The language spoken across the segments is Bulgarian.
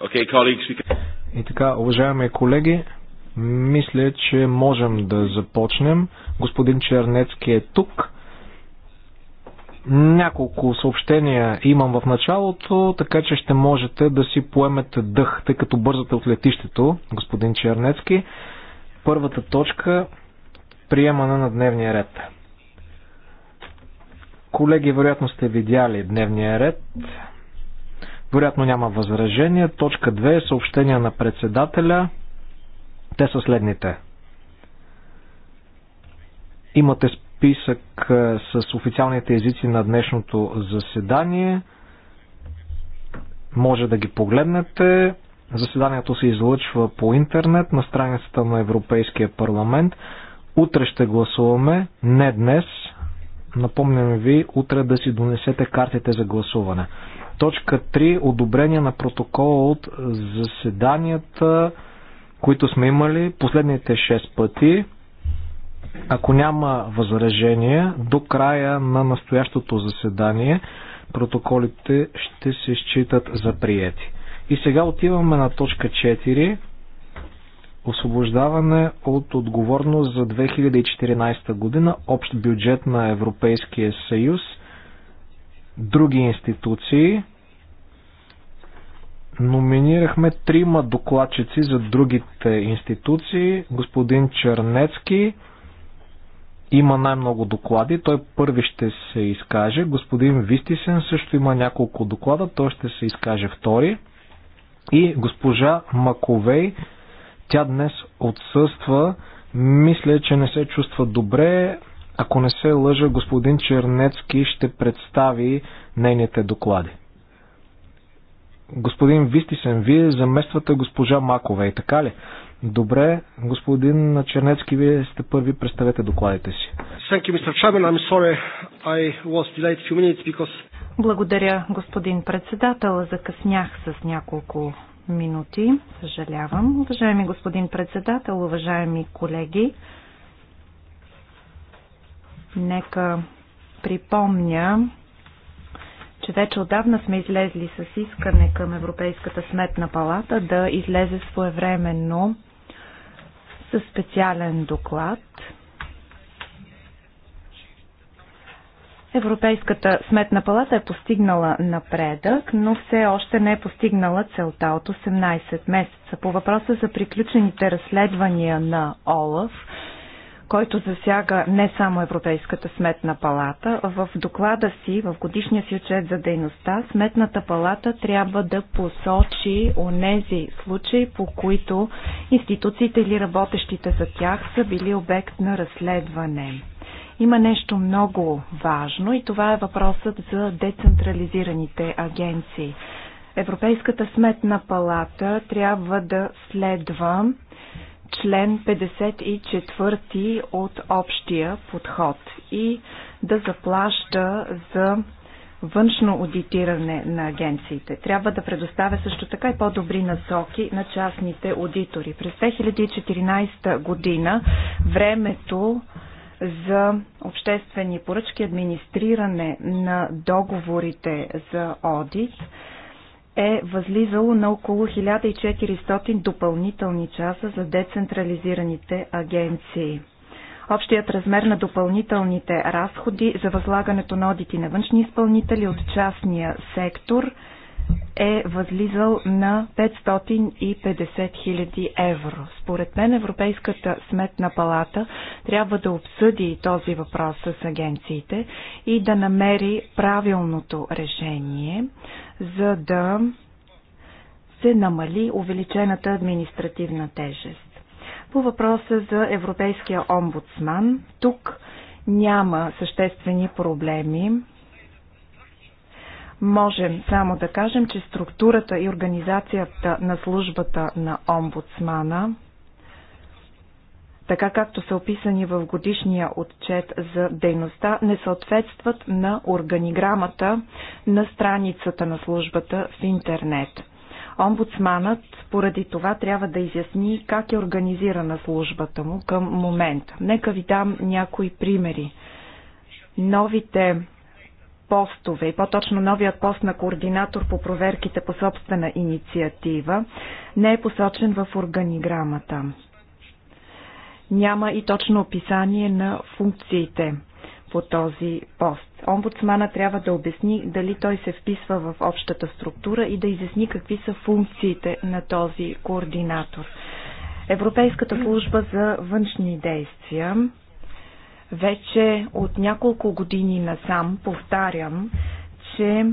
Okay, colleagues, can... И така, уважаеми колеги, мисля, че можем да започнем. Господин Чернецки е тук. Няколко съобщения имам в началото, така че ще можете да си поемете дъх, тъй като бързате от летището, господин Чернецки. Първата точка приемане на дневния ред. Колеги, вероятно сте видяли дневния ред. Вероятно няма възражение. Точка 2. Е Съобщения на председателя. Те са следните. Имате списък е, с официалните езици на днешното заседание. Може да ги погледнете. Заседанието се излъчва по интернет на страницата на Европейския парламент. Утре ще гласуваме, не днес. Напомням ви, утре да си донесете картите за гласуване. Точка 3. Одобрение на протокола от заседанията, които сме имали последните 6 пъти. Ако няма възражение, до края на настоящото заседание протоколите ще се считат за приети. И сега отиваме на точка 4. Освобождаване от отговорност за 2014 година, общ бюджет на Европейския съюз, други институции номинирахме трима докладчици за другите институции. Господин Чернецки има най-много доклади, той първи ще се изкаже. Господин Вистисен също има няколко доклада, той ще се изкаже втори. И госпожа Маковей, тя днес отсъства, мисля, че не се чувства добре. Ако не се лъжа, господин Чернецки ще представи нейните доклади. Господин Вистисен, вие замествате госпожа Макова и е така ли? Добре, господин Чернецки, вие сте първи, представете докладите си. Благодаря, господин председател. Закъснях с няколко минути. Съжалявам. Уважаеми господин председател, уважаеми колеги, нека припомня че вече отдавна сме излезли с искане към Европейската сметна палата да излезе своевременно със специален доклад. Европейската сметна палата е постигнала напредък, но все още не е постигнала целта от 18 месеца. По въпроса за приключените разследвания на ОЛАФ, който засяга не само Европейската сметна палата. В доклада си, в годишния си отчет за дейността, Сметната палата трябва да посочи онези случаи, по които институциите или работещите за тях са били обект на разследване. Има нещо много важно и това е въпросът за децентрализираните агенции. Европейската сметна палата трябва да следва член 54 от общия подход и да заплаща за външно аудитиране на агенциите. Трябва да предоставя също така и по-добри насоки на частните аудитори. През 2014 година времето за обществени поръчки, администриране на договорите за одит е възлизало на около 1400 допълнителни часа за децентрализираните агенции. Общият размер на допълнителните разходи за възлагането на одити на външни изпълнители от частния сектор е възлизал на 550 000 евро. Според мен Европейската сметна палата трябва да обсъди този въпрос с агенциите и да намери правилното решение, за да се намали увеличената административна тежест. По въпроса за Европейския омбудсман, тук няма съществени проблеми. Можем само да кажем, че структурата и организацията на службата на омбудсмана, така както са описани в годишния отчет за дейността, не съответстват на органиграмата на страницата на службата в интернет. Омбудсманът поради това трябва да изясни как е организирана службата му към момента. Нека ви дам някои примери. Новите постове и по-точно новият пост на координатор по проверките по собствена инициатива не е посочен в органиграмата. Няма и точно описание на функциите по този пост. Омбудсмана трябва да обясни дали той се вписва в общата структура и да изясни какви са функциите на този координатор. Европейската служба за външни действия вече от няколко години насам повтарям, че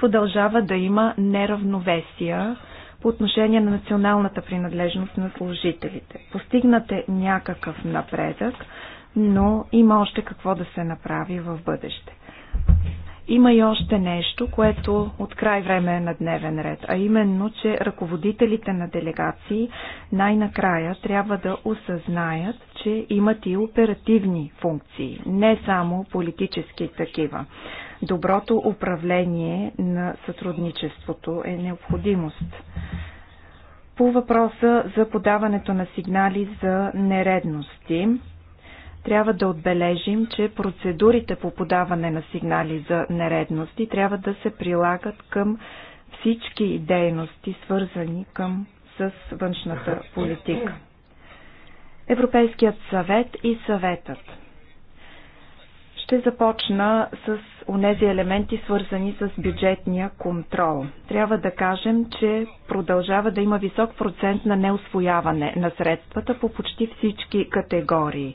продължава да има неравновесия по отношение на националната принадлежност на служителите. Постигнат е някакъв напредък, но има още какво да се направи в бъдеще. Има и още нещо, което от край време е на дневен ред, а именно, че ръководителите на делегации най-накрая трябва да осъзнаят, че имат и оперативни функции, не само политически такива. Доброто управление на сътрудничеството е необходимост по въпроса за подаването на сигнали за нередности трябва да отбележим, че процедурите по подаване на сигнали за нередности трябва да се прилагат към всички дейности, свързани към, с външната политика. Европейският съвет и съветът. Ще започна с онези елементи, свързани с бюджетния контрол. Трябва да кажем, че продължава да има висок процент на неосвояване на средствата по почти всички категории.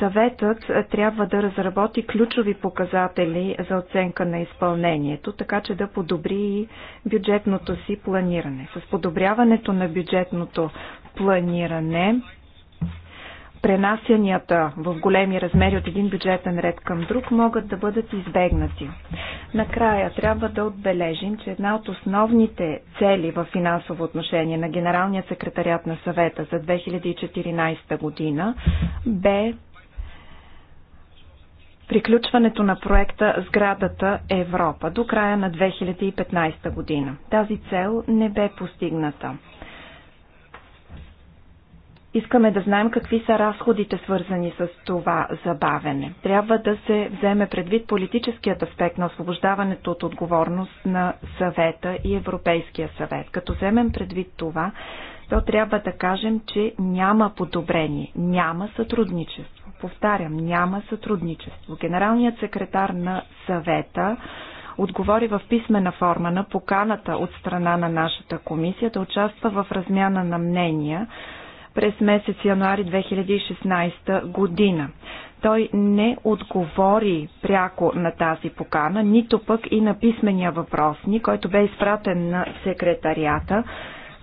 Съветът е, трябва да разработи ключови показатели за оценка на изпълнението, така че да подобри и бюджетното си планиране. С подобряването на бюджетното планиране, пренасянията в големи размери от един бюджетен ред към друг могат да бъдат избегнати. Накрая трябва да отбележим, че една от основните цели в финансово отношение на Генералния секретарят на съвета за 2014 година бе приключването на проекта Сградата Европа до края на 2015 година. Тази цел не бе постигната. Искаме да знаем какви са разходите свързани с това забавене. Трябва да се вземе предвид политическият аспект на освобождаването от отговорност на съвета и Европейския съвет. Като вземем предвид това, то трябва да кажем, че няма подобрение, няма сътрудничество. Повтарям, няма сътрудничество. Генералният секретар на съвета отговори в писмена форма на поканата от страна на нашата комисия да участва в размяна на мнения през месец януари 2016 година. Той не отговори пряко на тази покана, нито пък и на писмения въпросни, който бе изпратен на секретарията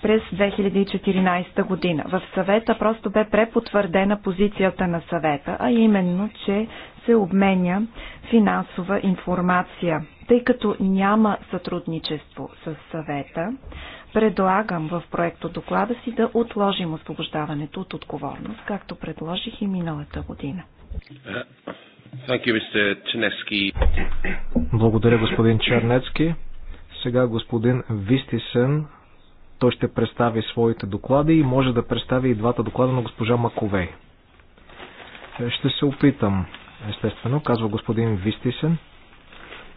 през 2014 година. В съвета просто бе препотвърдена позицията на съвета, а именно, че се обменя финансова информация. Тъй като няма сътрудничество с съвета, предлагам в проекто доклада си да отложим освобождаването от отговорност, както предложих и миналата година. You, Благодаря, господин Чернецки. Сега господин Вистисен той ще представи своите доклади и може да представи и двата доклада на госпожа Маковей. Е, ще се опитам, естествено, казва господин Вистисен.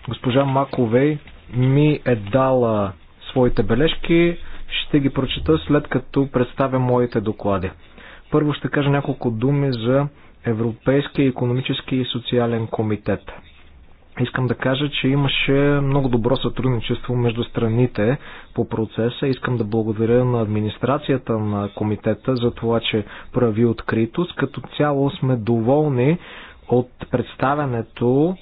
Госпожа Маковей ми е дала своите бележки. Ще ги прочета след като представя моите доклади. Първо ще кажа няколко думи за Европейския економически и социален комитет. Искам да кажа, че имаше много добро сътрудничество между страните по процеса. Искам да благодаря на администрацията на комитета за това, че прави откритост. Като цяло сме доволни от представянето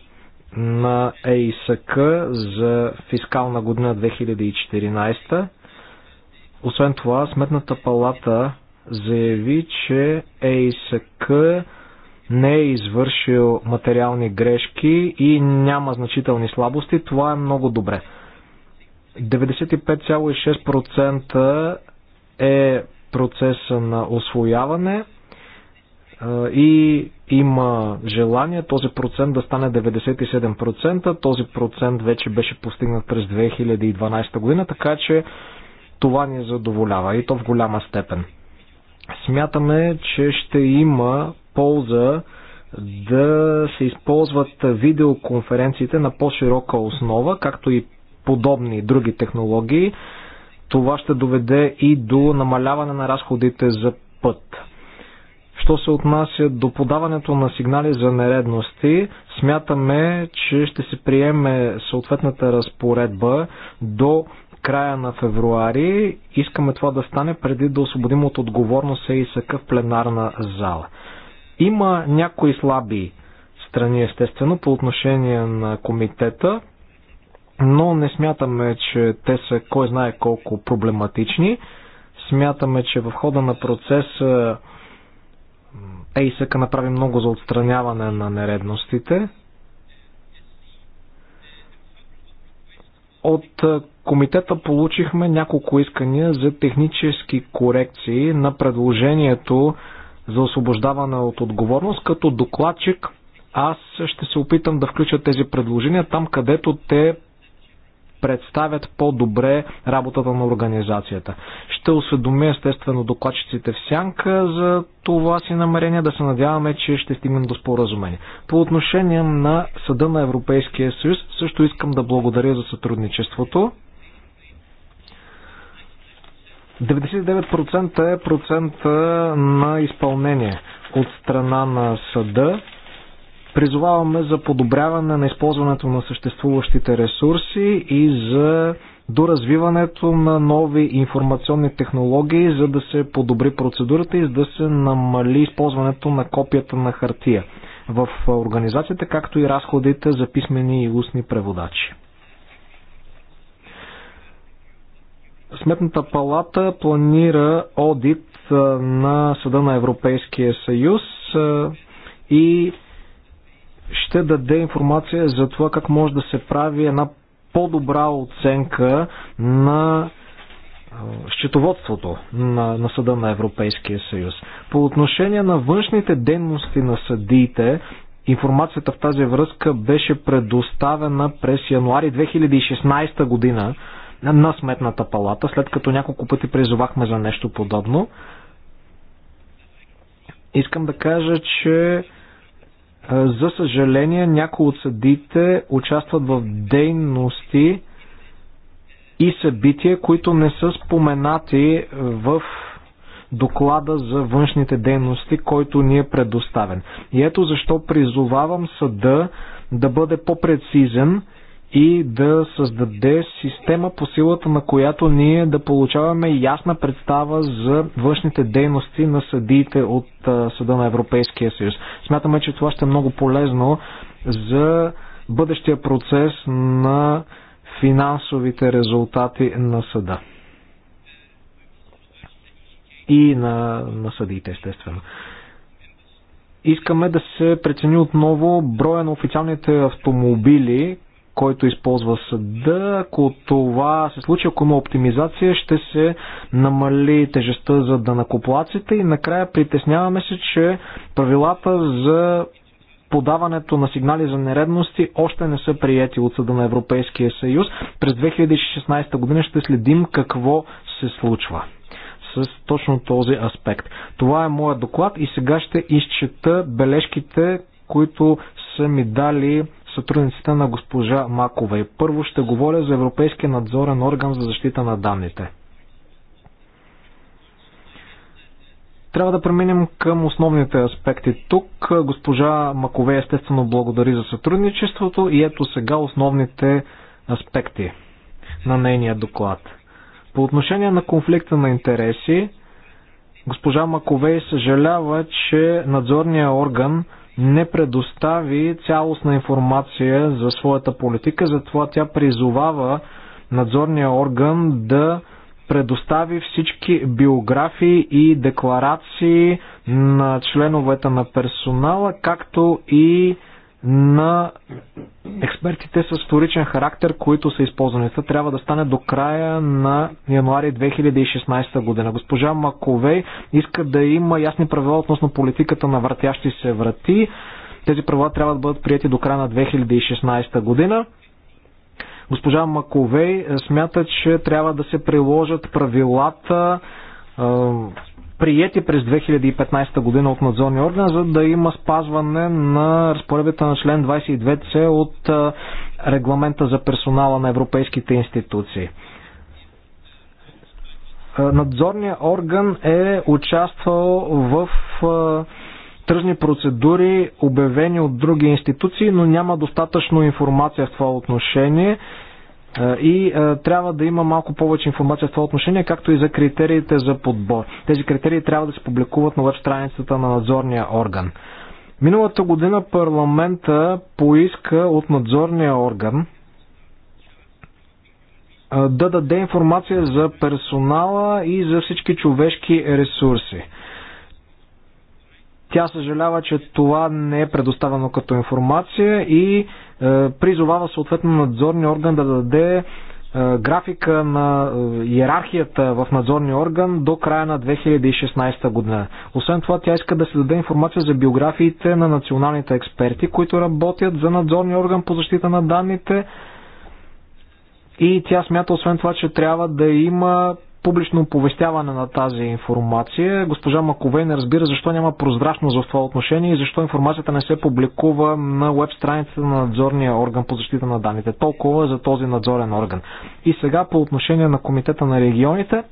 на ЕИСК за фискална година 2014. Освен това, Сметната палата заяви, че ЕИСК не е извършил материални грешки и няма значителни слабости, това е много добре. 95,6% е процеса на освояване и има желание този процент да стане 97%. Този процент вече беше постигнат през 2012 година, така че това ни задоволява и то в голяма степен. Смятаме, че ще има полза да се използват видеоконференциите на по-широка основа, както и подобни други технологии. Това ще доведе и до намаляване на разходите за път. Що се отнася до подаването на сигнали за нередности, смятаме, че ще се приеме съответната разпоредба до края на февруари. Искаме това да стане преди да освободим от отговорност и съка в пленарна зала. Има някои слаби страни, естествено, по отношение на комитета, но не смятаме, че те са кой знае колко проблематични. Смятаме, че в хода на процеса ЕИСъка е направи много за отстраняване на нередностите. От е, комитета получихме няколко искания за технически корекции на предложението за освобождаване от отговорност. Като докладчик аз ще се опитам да включа тези предложения там, където те представят по-добре работата на организацията. Ще осведомя естествено докладчиците в сянка за това си намерение да се надяваме, че ще стигнем до споразумение. По отношение на Съда на Европейския съюз също искам да благодаря за сътрудничеството. 99% е процента на изпълнение от страна на съда. Призоваваме за подобряване на използването на съществуващите ресурси и за доразвиването на нови информационни технологии, за да се подобри процедурата и за да се намали използването на копията на хартия в организацията, както и разходите за писмени и устни преводачи. Сметната палата планира одит на Съда на Европейския съюз и ще даде информация за това как може да се прави една по-добра оценка на счетоводството на, на Съда на Европейския съюз. По отношение на външните дейности на съдиите, информацията в тази връзка беше предоставена през януари 2016 година на Сметната палата, след като няколко пъти призовахме за нещо подобно. Искам да кажа, че за съжаление някои от съдите участват в дейности и събития, които не са споменати в доклада за външните дейности, който ни е предоставен. И ето защо призовавам съда да бъде по-прецизен и да създаде система по силата на която ние да получаваме ясна представа за външните дейности на съдиите от Съда на Европейския съюз. Смятаме, че това ще е много полезно за бъдещия процес на финансовите резултати на съда. И на, на съдиите, естествено искаме да се прецени отново броя на официалните автомобили, който използва съда. Ако това се случи, ако има оптимизация, ще се намали тежестта за данакоплаците и накрая притесняваме се, че правилата за подаването на сигнали за нередности още не са приети от Съда на Европейския съюз. През 2016 година ще следим какво се случва с точно този аспект. Това е моят доклад и сега ще изчета бележките, които са ми дали сътрудницата на госпожа Макова. И първо ще говоря за Европейския надзорен орган за защита на данните. Трябва да преминем към основните аспекти тук. Госпожа Макове естествено благодари за сътрудничеството и ето сега основните аспекти на нейния доклад. По отношение на конфликта на интереси, госпожа Маковей съжалява, че надзорният орган не предостави цялостна информация за своята политика, затова тя призовава надзорния орган да предостави всички биографии и декларации на членовете на персонала, както и на експертите с вторичен характер, които са използвани. Това трябва да стане до края на януари 2016 година. Госпожа Маковей иска да има ясни правила относно политиката на въртящи се врати. Тези правила трябва да бъдат прияти до края на 2016 година. Госпожа Маковей смята, че трябва да се приложат правилата приети през 2015 година от надзорния орган, за да има спазване на разпоредбата на член 22c от регламента за персонала на европейските институции. Надзорният орган е участвал в тръжни процедури, обявени от други институции, но няма достатъчно информация в това отношение. И трябва да има малко повече информация в това отношение, както и за критериите за подбор. Тези критерии трябва да се публикуват на веб страницата на надзорния орган. Миналата година парламента поиска от надзорния орган да даде информация за персонала и за всички човешки ресурси. Тя съжалява, че това не е предоставено като информация и е, призовава съответно надзорния орган да даде е, графика на е, иерархията в надзорния орган до края на 2016 година. Освен това, тя иска да се даде информация за биографиите на националните експерти, които работят за надзорния орган по защита на данните. И тя смята, освен това, че трябва да има публично оповестяване на тази информация. Госпожа Маковей не разбира защо няма прозрачност в това отношение и защо информацията не се публикува на веб страницата на надзорния орган по защита на данните. Толкова за този надзорен орган. И сега по отношение на Комитета на регионите.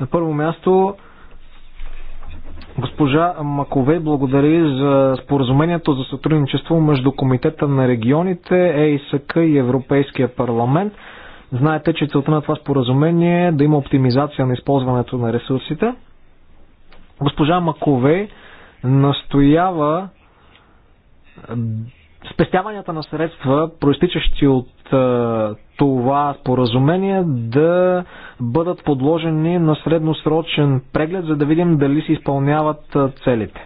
На първо място Госпожа Маковей благодари за споразумението за сътрудничество между Комитета на регионите, ЕИСК и Европейския парламент. Знаете, че целта на това споразумение е да има оптимизация на използването на ресурсите. Госпожа Маковей настоява спестяванията на средства, проистичащи от това споразумение, да бъдат подложени на средносрочен преглед, за да видим дали се изпълняват целите.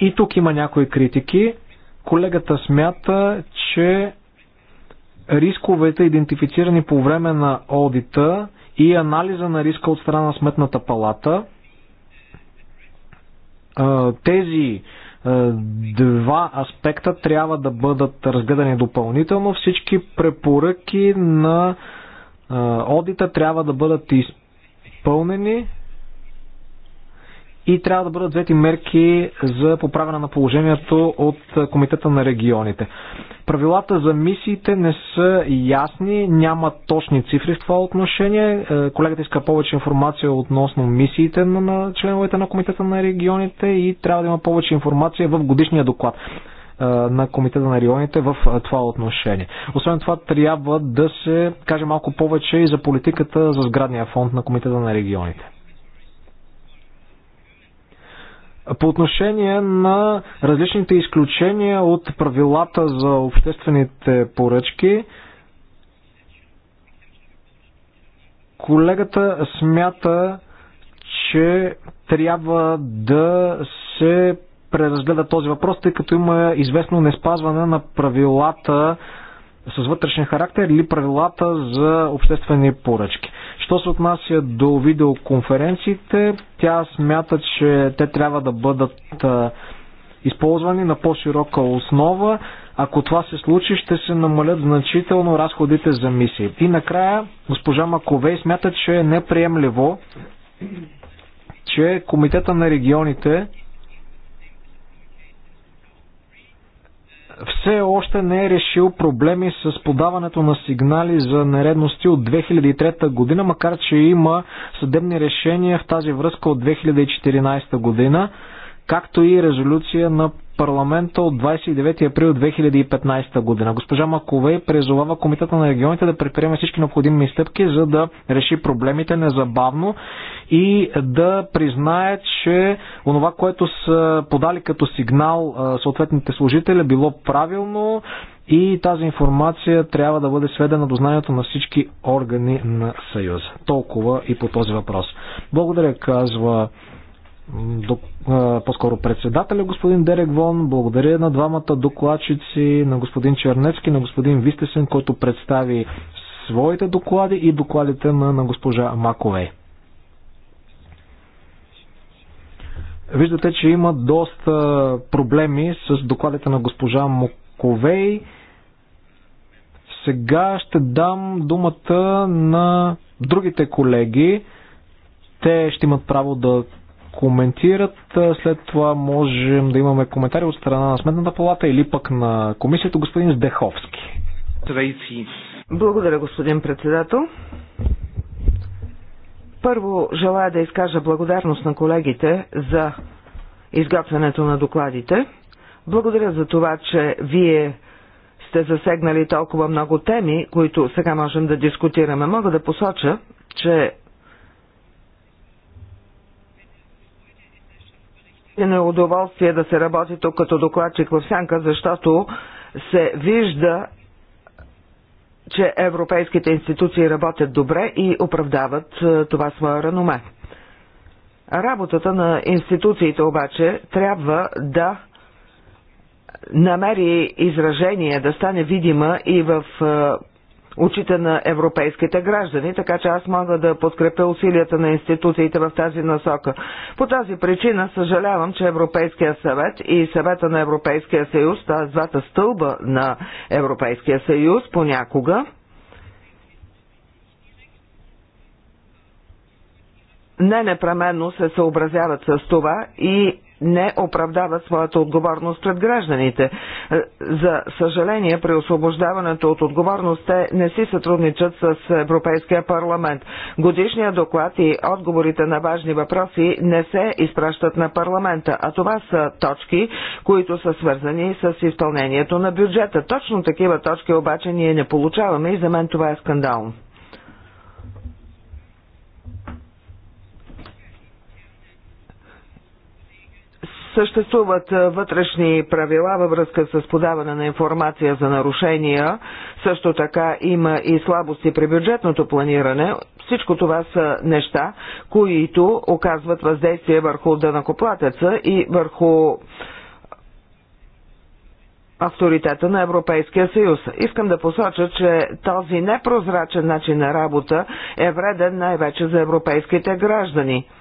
И тук има някои критики. Колегата смята, че рисковете, идентифицирани по време на одита и анализа на риска от страна на Сметната палата. Тези два аспекта трябва да бъдат разгледани допълнително. Всички препоръки на одита трябва да бъдат изпълнени и трябва да бъдат взети мерки за поправяне на положението от Комитета на регионите. Правилата за мисиите не са ясни, няма точни цифри в това отношение. Е, колегата иска повече информация относно мисиите на членовете на Комитета на регионите и трябва да има повече информация в годишния доклад е, на Комитета на регионите в е, това отношение. Освен това, трябва да се каже малко повече и за политиката за сградния фонд на Комитета на регионите. По отношение на различните изключения от правилата за обществените поръчки, колегата смята, че трябва да се преразгледа този въпрос, тъй като има известно неспазване на правилата с вътрешен характер или правилата за обществени поръчки. Що се отнася до видеоконференциите, тя смята, че те трябва да бъдат използвани на по-широка основа. Ако това се случи, ще се намалят значително разходите за мисии. И накрая госпожа Маковей смята, че е неприемливо, че Комитета на регионите все още не е решил проблеми с подаването на сигнали за нередности от 2003 година, макар че има съдебни решения в тази връзка от 2014 година, както и резолюция на парламента от 29 април 2015 година. Госпожа Маковей призовава Комитета на регионите да предприеме всички необходими стъпки, за да реши проблемите незабавно и да признае, че онова, което са подали като сигнал съответните служители, било правилно и тази информация трябва да бъде сведена до знанието на всички органи на Съюза. Толкова и по този въпрос. Благодаря, казва по-скоро председателя господин Дерек Вон, благодаря на двамата докладчици, на господин Чернецки, на господин Вистесен, който представи своите доклади и докладите на, на госпожа Маковей. Виждате, че има доста проблеми с докладите на госпожа Маковей. Сега ще дам думата на другите колеги. Те ще имат право да коментират. След това можем да имаме коментари от страна на Сметната палата или пък на комисията господин Здеховски. Благодаря, господин председател. Първо желая да изкажа благодарност на колегите за изготвянето на докладите. Благодаря за това, че вие сте засегнали толкова много теми, които сега можем да дискутираме. Мога да посоча, че Е на удоволствие да се работи тук като докладчик в сянка, защото се вижда, че европейските институции работят добре и оправдават е, това своя реноме. Работата на институциите обаче трябва да намери изражение, да стане видима и в е, очите на европейските граждани, така че аз мога да подкрепя усилията на институциите в тази насока. По тази причина съжалявам, че Европейския съвет и съвета на Европейския съюз, т.е. двата стълба на Европейския съюз понякога, не непременно се съобразяват с това и не оправдават своята отговорност пред гражданите. За съжаление, при освобождаването от отговорност те не си сътрудничат с Европейския парламент. Годишният доклад и отговорите на важни въпроси не се изпращат на парламента, а това са точки, които са свързани с изпълнението на бюджета. Точно такива точки обаче ние не получаваме и за мен това е скандално. Съществуват вътрешни правила във връзка с подаване на информация за нарушения. Също така има и слабости при бюджетното планиране. Всичко това са неща, които оказват въздействие върху дънакоплатеца и върху авторитета на Европейския съюз. Искам да посоча, че този непрозрачен начин на работа е вреден най-вече за европейските граждани –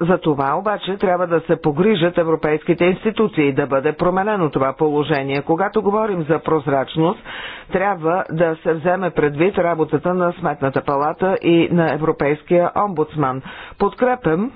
за това обаче трябва да се погрижат европейските институции да бъде променено това положение. Когато говорим за прозрачност, трябва да се вземе предвид работата на Сметната палата и на Европейския омбудсман. Подкрепям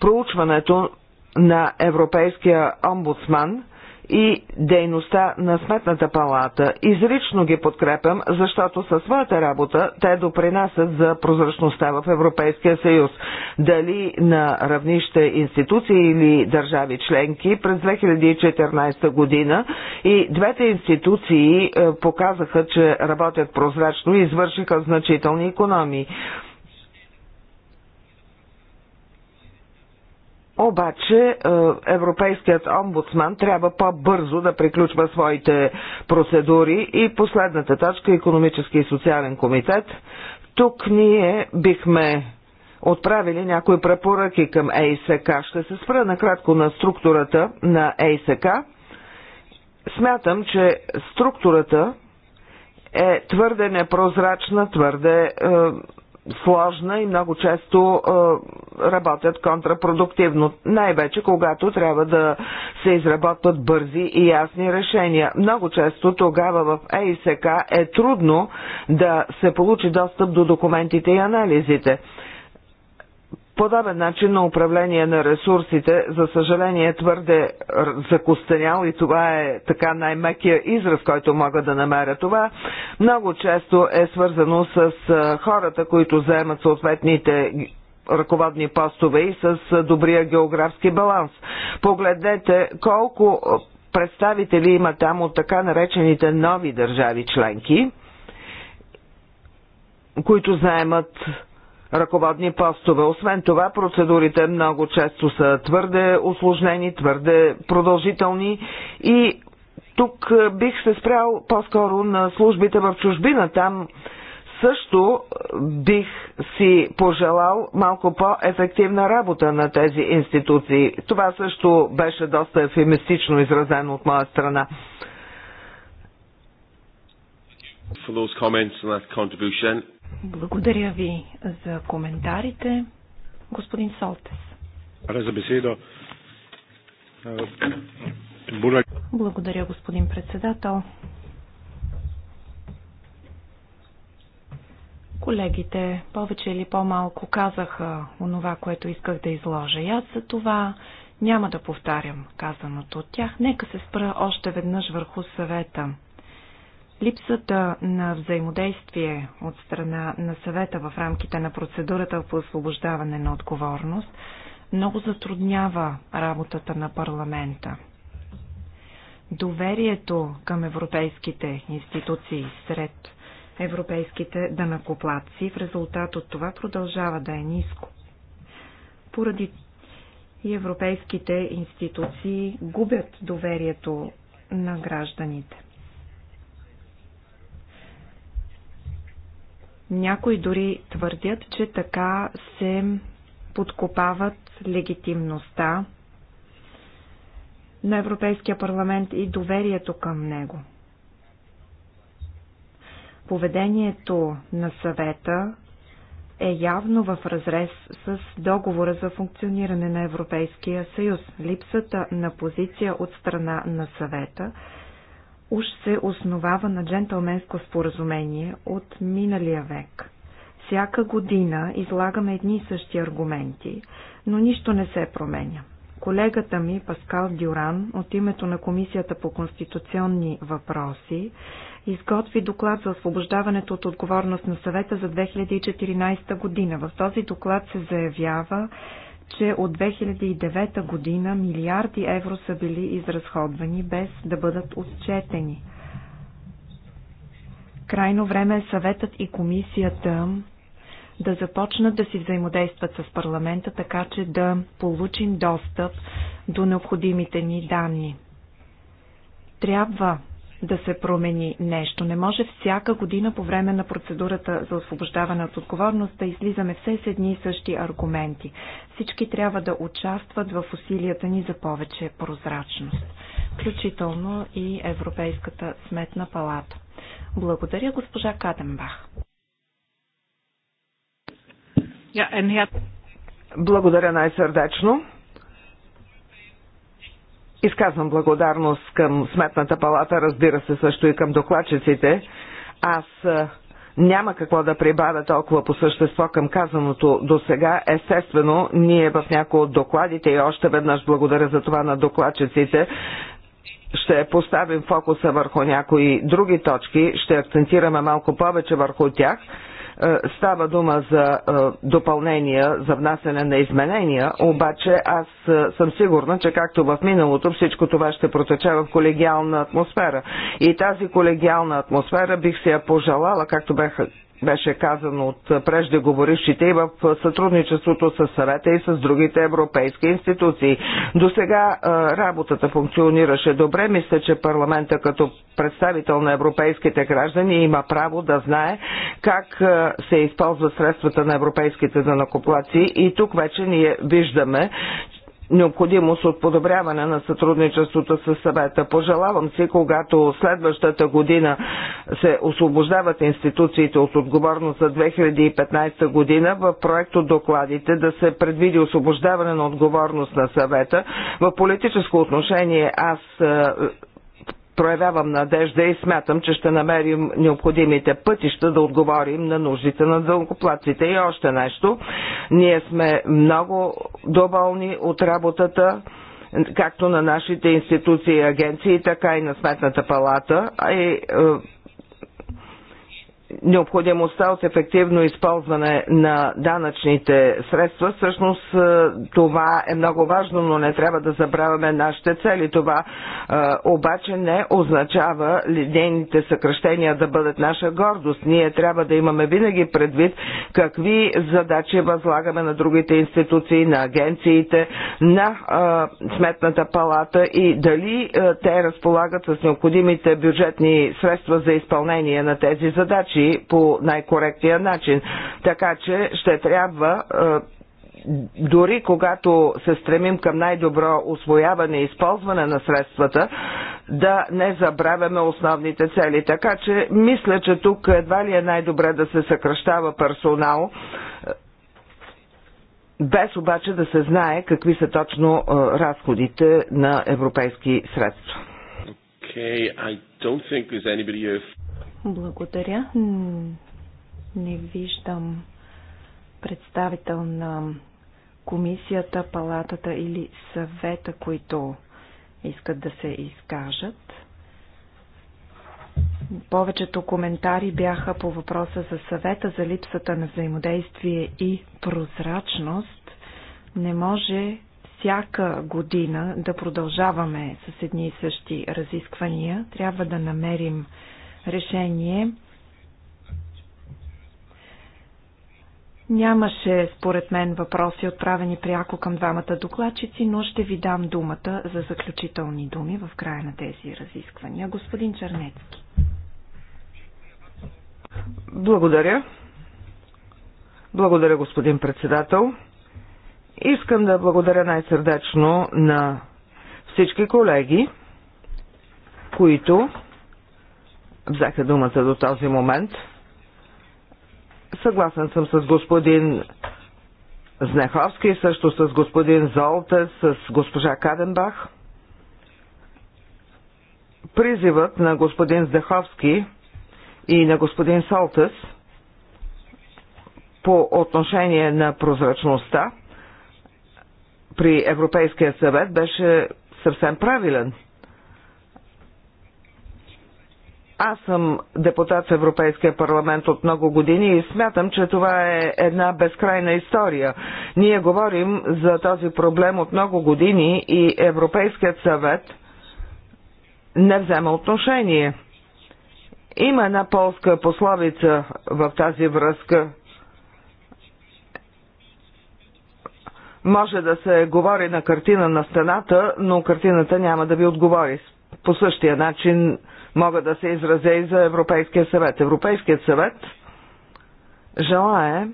проучването на Европейския омбудсман и дейността на Сметната палата. Изрично ги подкрепям, защото със своята работа те допринасят за прозрачността в Европейския съюз. Дали на равнище институции или държави членки през 2014 година и двете институции е, показаха, че работят прозрачно и извършиха значителни економии. Обаче е, Европейският омбудсман трябва по-бързо да приключва своите процедури и последната точка економически и социален комитет. Тук ние бихме отправили някои препоръки към ЕСК. Ще се спра накратко на структурата на ЕСК. Смятам, че структурата е твърде непрозрачна, твърде е, сложна и много често е, работят контрапродуктивно, най-вече когато трябва да се изработват бързи и ясни решения. Много често тогава в ЕИСК е трудно да се получи достъп до документите и анализите подобен начин на управление на ресурсите, за съжаление, твърде закостенял и това е така най-мекия израз, който мога да намеря. Това много често е свързано с хората, които заемат съответните ръководни постове и с добрия географски баланс. Погледнете колко представители има там от така наречените нови държави членки, които заемат ръководни постове. Освен това, процедурите много често са твърде осложнени, твърде продължителни и тук е, бих се спрял по-скоро на службите в чужбина. Там също е, бих си пожелал малко по-ефективна работа на тези институции. Това също беше доста ефемистично изразено от моя страна. For those comments and that contribution. Благодаря ви за коментарите. Господин Солтес. за е, беседо. Благодаря, господин председател. Колегите повече или по-малко казаха онова, което исках да изложа. И аз за това няма да повтарям казаното от тях. Нека се спра още веднъж върху съвета. Липсата на взаимодействие от страна на съвета в рамките на процедурата по освобождаване на отговорност много затруднява работата на парламента. Доверието към европейските институции сред европейските данакоплатци в резултат от това продължава да е ниско. Поради и европейските институции губят доверието на гражданите. Някои дори твърдят, че така се подкопават легитимността на Европейския парламент и доверието към него. Поведението на съвета е явно в разрез с договора за функциониране на Европейския съюз. Липсата на позиция от страна на съвета уж се основава на джентълменско споразумение от миналия век. Всяка година излагаме едни и същи аргументи, но нищо не се променя. Колегата ми Паскал Дюран от името на Комисията по конституционни въпроси изготви доклад за освобождаването от отговорност на съвета за 2014 година. В този доклад се заявява, че от 2009 година милиарди евро са били изразходвани без да бъдат отчетени. Крайно време е съветът и комисията да започнат да си взаимодействат с парламента, така че да получим достъп до необходимите ни данни. Трябва да се промени нещо. Не може всяка година по време на процедурата за освобождаване от отговорност да излизаме все с едни и същи аргументи. Всички трябва да участват в усилията ни за повече прозрачност, включително и Европейската сметна палата. Благодаря, госпожа Каденбах. Благодаря най-сърдечно. Изказвам благодарност към Сметната палата, разбира се също и към докладчиците. Аз е, няма какво да прибавя толкова по същество към казаното до сега. Естествено, ние в някои от докладите и още веднъж благодаря за това на докладчиците, ще поставим фокуса върху някои други точки, ще акцентираме малко повече върху тях. Е, става дума за е, допълнения, за внасене на изменения, обаче аз е, съм сигурна, че както в миналото всичко това ще протече в колегиална атмосфера. И тази колегиална атмосфера бих си я пожелала, както бях беше казано от преждеговорившите и в сътрудничеството с съвета и с другите европейски институции. До сега работата функционираше добре. Мисля, че парламента като представител на европейските граждани има право да знае как се използват средствата на европейските данакоплаци и тук вече ние виждаме, необходимост от подобряване на сътрудничеството с съвета. Пожелавам си, когато следващата година се освобождават институциите от отговорност за 2015 година, в проект от докладите да се предвиди освобождаване на отговорност на съвета. В политическо отношение аз е, проявявам надежда и смятам, че ще намерим необходимите пътища да отговорим на нуждите на дългоплаците. И още нещо, ние сме много доволни от работата както на нашите институции и агенции, така и на Сметната палата. И, е, необходимостта от ефективно използване на данъчните средства. Всъщност е, това е много важно, но не трябва да забравяме нашите цели. Това е, обаче не означава линейните съкръщения да бъдат наша гордост. Ние трябва да имаме винаги предвид какви задачи възлагаме на другите институции, на агенциите, на е, Сметната палата и дали те разполагат с необходимите бюджетни средства за изпълнение на тези задачи институции по най-коректния начин. Така че ще трябва е, дори когато се стремим към най-добро освояване и използване на средствата, да не забравяме основните цели. Така че мисля, че тук едва ли е най-добре да се съкръщава персонал, е, без обаче да се знае какви са точно е, разходите на европейски средства. Okay, I don't think there's anybody благодаря. Не виждам представител на комисията, палатата или съвета, които искат да се изкажат. Повечето коментари бяха по въпроса за съвета, за липсата на взаимодействие и прозрачност. Не може всяка година да продължаваме с едни и същи разисквания. Трябва да намерим решение Нямаше, според мен, въпроси отправени пряко към двамата докладчици, но ще ви дам думата за заключителни думи в края на тези разисквания. Господин Чернецки. Благодаря. Благодаря, господин председател. Искам да благодаря най-сърдечно на всички колеги, които взеха думата до този момент. Съгласен съм с господин Знеховски, също с господин Золте, с госпожа Каденбах. Призивът на господин Здеховски и на господин Солтес по отношение на прозрачността при Европейския съвет беше съвсем правилен – Аз съм депутат в Европейския парламент от много години и смятам, че това е една безкрайна история. Ние говорим за този проблем от много години и Европейският съвет не взема отношение. Има една полска пословица в тази връзка. Може да се говори на картина на стената, но картината няма да ви отговори по същия начин мога да се изразя и за Европейския съвет. Европейският съвет желае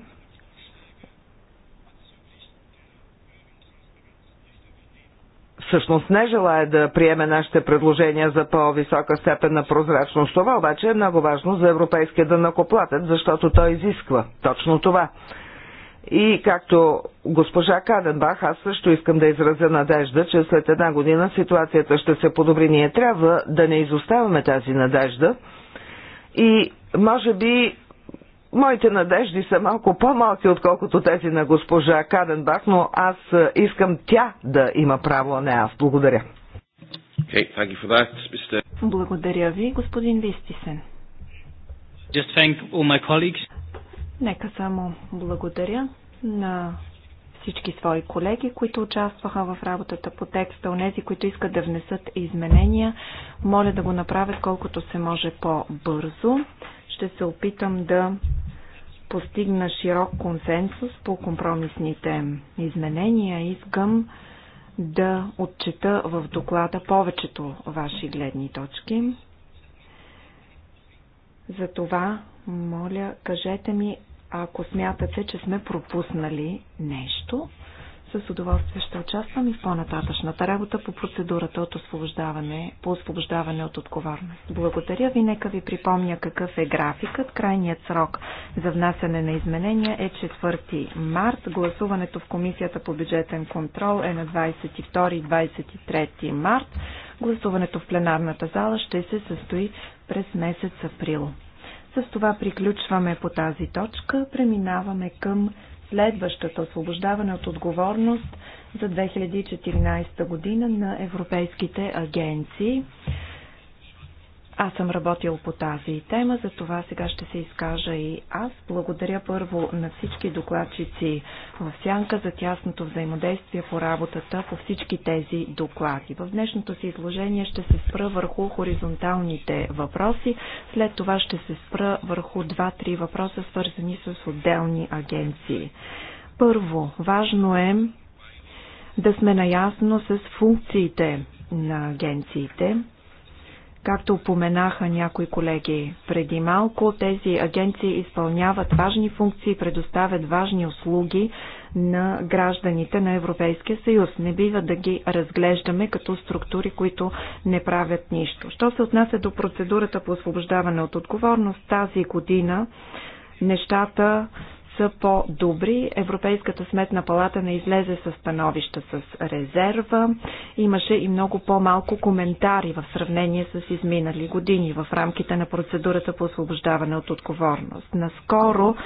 всъщност не желая да приеме нашите предложения за по-висока степен на прозрачност. Това обаче е много важно за европейския дънакоплатец, защото той изисква точно това. И както госпожа Каденбах, аз също искам да изразя надежда, че след една година ситуацията ще се подобри. Ние трябва да не изоставаме тази надежда. И може би моите надежди са малко по-малки, отколкото тези на госпожа Каденбах, но аз искам тя да има право, а не аз. Благодаря. Okay, thank you for that, Благодаря ви, господин Вистисен. Just thank all my colleagues. Нека само благодаря на всички свои колеги, които участваха в работата по текста, у нези, които искат да внесат изменения, моля да го направят колкото се може по-бързо. Ще се опитам да постигна широк консенсус по компромисните изменения. Искам да отчета в доклада повечето ваши гледни точки. Затова, моля, кажете ми ако смятате, че сме пропуснали нещо, с удоволствие ще участвам и в по-нататъчната работа по процедурата от освобождаване, по освобождаване от отговорност. Благодаря ви, нека ви припомня какъв е графикът. Крайният срок за внасяне на изменения е 4 март. Гласуването в Комисията по бюджетен контрол е на 22-23 март. Гласуването в пленарната зала ще се състои през месец април. С това приключваме по тази точка. Преминаваме към следващата освобождаване от отговорност за 2014 година на европейските агенции. Аз съм работил по тази тема, за това сега ще се изкажа и аз. Благодаря първо на всички докладчици в Сянка за тясното взаимодействие по работата по всички тези доклади. В днешното си изложение ще се спра върху хоризонталните въпроси, след това ще се спра върху два-три въпроса, свързани с отделни агенции. Първо, важно е да сме наясно с функциите на агенциите, Както упоменаха някои колеги преди малко, тези агенции изпълняват важни функции, предоставят важни услуги на гражданите на Европейския съюз. Не бива да ги разглеждаме като структури, които не правят нищо. Що се отнася до процедурата по освобождаване от отговорност, тази година нещата са по-добри. Европейската сметна палата не излезе с становища с резерва. Имаше и много по-малко коментари в сравнение с изминали години в рамките на процедурата по освобождаване от отговорност. Наскоро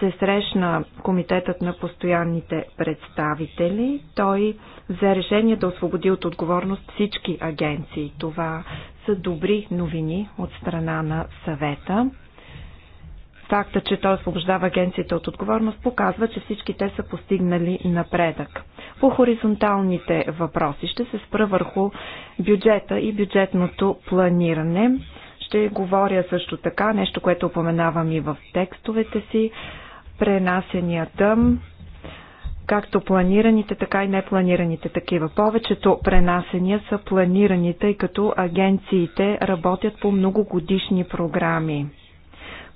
се срещна комитетът на постоянните представители. Той взе решение да освободи от отговорност всички агенции. Това са добри новини от страна на съвета. Факта, че той освобождава агенцията от отговорност, показва, че всички те са постигнали напредък. По хоризонталните въпроси ще се спра върху бюджета и бюджетното планиране. Ще говоря също така, нещо, което упоменавам и в текстовете си, пренасенията, както планираните, така и непланираните такива. Повечето пренасения са планираните, тъй като агенциите работят по многогодишни програми.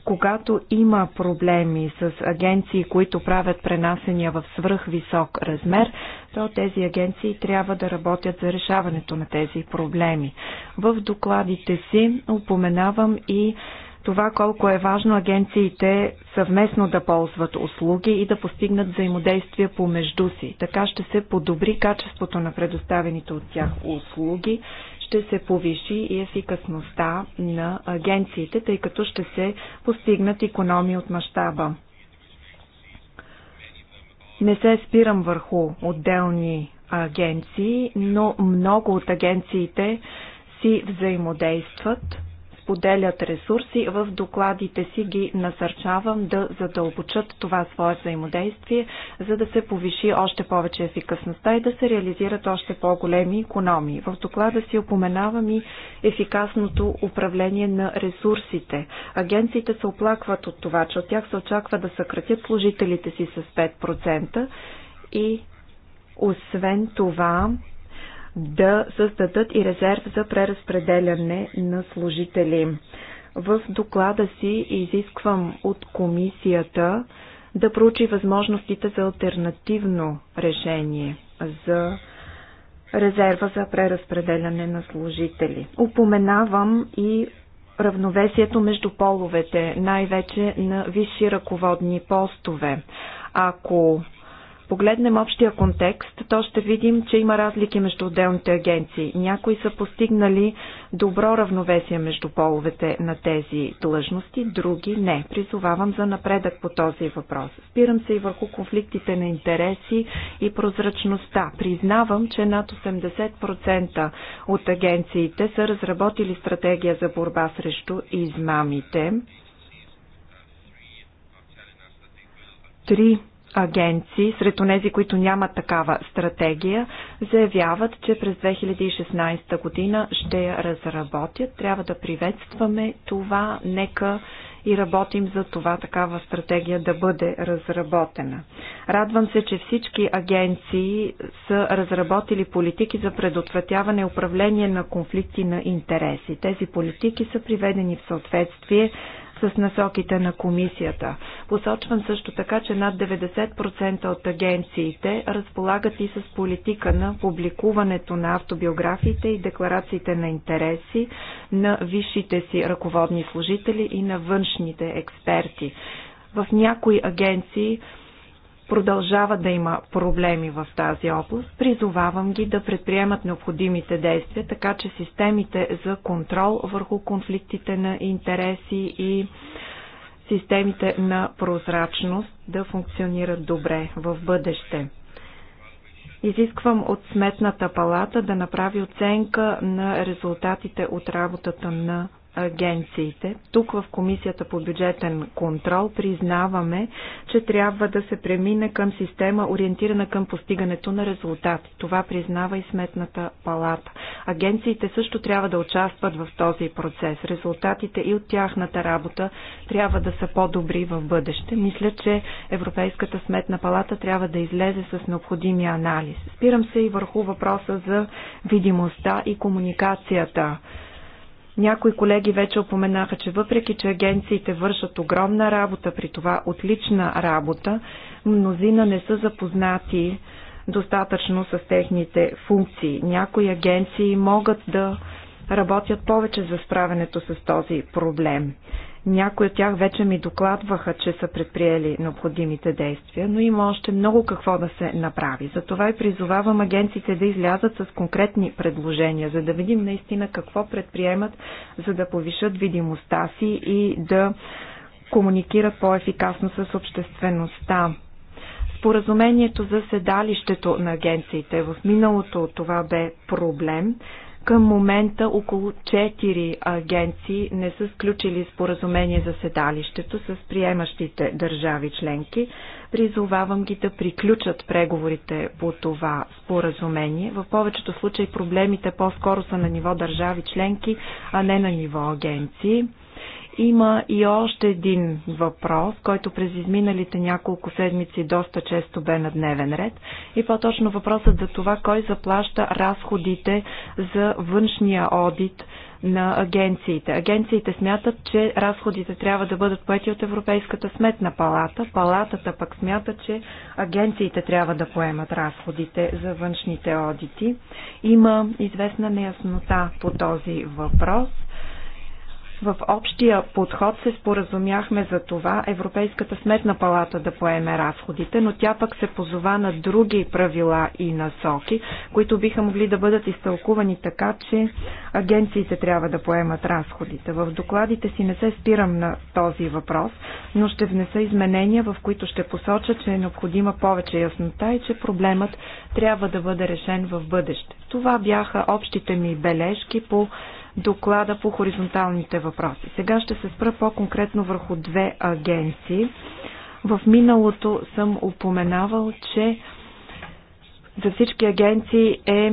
Когато има проблеми с агенции, които правят пренасения в свръхвисок размер, то тези агенции трябва да работят за решаването на тези проблеми. В докладите си упоменавам и това колко е важно агенциите съвместно да ползват услуги и да постигнат взаимодействие помежду си. Така ще се подобри качеството на предоставените от тях услуги ще се повиши и ефикасността на агенциите, тъй като ще се постигнат економии от мащаба. Не се спирам върху отделни агенции, но много от агенциите си взаимодействат – споделят ресурси. В докладите си ги насърчавам да задълбочат това свое взаимодействие, за да се повиши още повече ефикасността и да се реализират още по-големи економии. В доклада си опоменавам и ефикасното управление на ресурсите. Агенциите се оплакват от това, че от тях се очаква да съкратят служителите си с 5% и освен това да създадат и резерв за преразпределяне на служители. В доклада си изисквам от комисията да проучи възможностите за альтернативно решение за резерва за преразпределяне на служители. Упоменавам и равновесието между половете, най-вече на висши ръководни постове. Ако погледнем общия контекст, то ще видим, че има разлики между отделните агенции. Някои са постигнали добро равновесие между половете на тези длъжности, други не. Призовавам за напредък по този въпрос. Спирам се и върху конфликтите на интереси и прозрачността. Признавам, че над 80% от агенциите са разработили стратегия за борба срещу измамите. Три агенции, сред онези, които нямат такава стратегия, заявяват, че през 2016 година ще я разработят. Трябва да приветстваме това. Нека и работим за това такава стратегия да бъде разработена. Радвам се, че всички агенции са разработили политики за предотвратяване и управление на конфликти на интереси. Тези политики са приведени в съответствие с насоките на комисията. Посочвам също така, че над 90% от агенциите разполагат и с политика на публикуването на автобиографиите и декларациите на интереси на висшите си ръководни служители и на външните експерти. В някои агенции продължава да има проблеми в тази област, призовавам ги да предприемат необходимите действия, така че системите за контрол върху конфликтите на интереси и системите на прозрачност да функционират добре в бъдеще. Изисквам от Сметната палата да направи оценка на резултатите от работата на агенциите. Тук в Комисията по бюджетен контрол признаваме, че трябва да се премине към система ориентирана към постигането на резултати. Това признава и Сметната палата. Агенциите също трябва да участват в този процес. Резултатите и от тяхната работа трябва да са по-добри в бъдеще. Мисля, че Европейската Сметна палата трябва да излезе с необходимия анализ. Спирам се и върху въпроса за видимостта и комуникацията някои колеги вече опоменаха, че въпреки, че агенциите вършат огромна работа, при това отлична работа, мнозина не са запознати достатъчно с техните функции. Някои агенции могат да работят повече за справянето с този проблем. Някои от тях вече ми докладваха, че са предприели необходимите действия, но има още много какво да се направи. Затова и призовавам агенциите да излязат с конкретни предложения, за да видим наистина какво предприемат, за да повишат видимостта си и да комуникират по-ефикасно с обществеността споразумението за седалището на агенциите. В миналото това бе проблем. Към момента около 4 агенции не са сключили споразумение за седалището с приемащите държави членки. Призовавам ги да приключат преговорите по това споразумение. В повечето случаи проблемите по-скоро са на ниво държави членки, а не на ниво агенции. Има и още един въпрос, който през изминалите няколко седмици доста често бе на дневен ред. И по-точно въпросът за това, кой заплаща разходите за външния одит на агенциите. Агенциите смятат, че разходите трябва да бъдат поети от Европейската сметна палата. Палатата пък смята, че агенциите трябва да поемат разходите за външните одити. Има известна неяснота по този въпрос. В общия подход се споразумяхме за това Европейската сметна палата да поеме разходите, но тя пък се позова на други правила и насоки, които биха могли да бъдат изтълкувани така, че агенциите трябва да поемат разходите. В докладите си не се спирам на този въпрос, но ще внеса изменения, в които ще посоча, че е необходима повече яснота и че проблемът трябва да бъде решен в бъдеще. Това бяха общите ми бележки по доклада по хоризонталните въпроси. Сега ще се спра по-конкретно върху две агенции. В миналото съм упоменавал, че за всички агенции е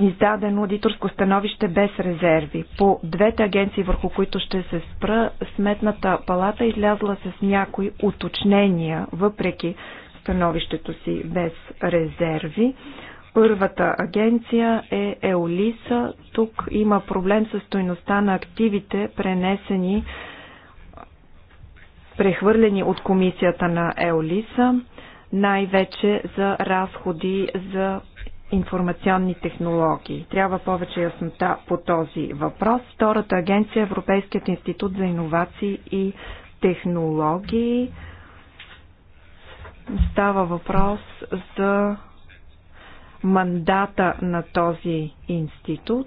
издадено аудиторско становище без резерви. По двете агенции, върху които ще се спра, Сметната палата е излязла с някои уточнения, въпреки становището си без резерви. Първата агенция е Еолиса. Тук има проблем с стойността на активите, пренесени, прехвърлени от комисията на Еолиса, най-вече за разходи за информационни технологии. Трябва повече яснота по този въпрос. Втората агенция е Европейският институт за иновации и технологии. Става въпрос за мандата на този институт.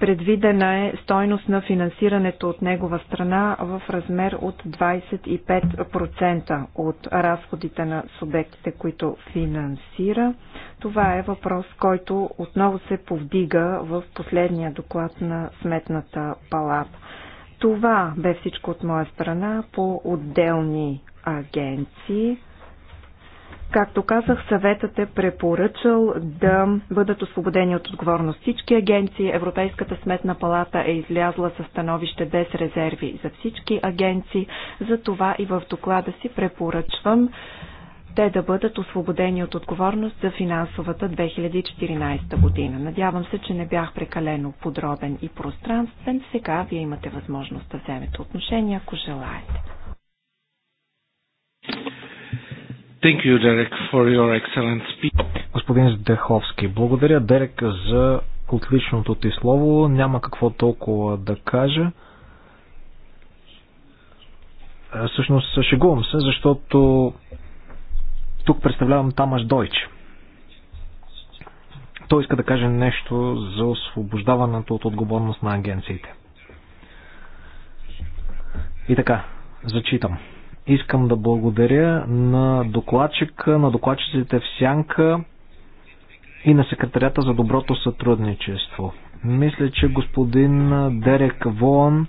Предвидена е стойност на финансирането от негова страна в размер от 25% от разходите на субектите, които финансира. Това е въпрос, който отново се повдига в последния доклад на Сметната палата. Това бе всичко от моя страна по отделни агенции. Както казах, съветът е препоръчал да бъдат освободени от отговорност всички агенции. Европейската сметна палата е излязла със становище без резерви за всички агенции. Затова и в доклада си препоръчвам те да бъдат освободени от отговорност за финансовата 2014 година. Надявам се, че не бях прекалено подробен и пространствен. Сега вие имате възможност да вземете отношение, ако желаете. Thank you, Derek, for your excellent speech. Господин Здеховски, благодаря, Дерек, за отличното ти слово. Няма какво толкова да кажа. Всъщност, шегувам се, защото тук представлявам Тамаш Дойч. Той иска да каже нещо за освобождаването от отговорност на агенциите. И така, зачитам. Искам да благодаря на докладчика, на докладчиците в Сянка и на секретарята за доброто сътрудничество. Мисля, че господин Дерек Вон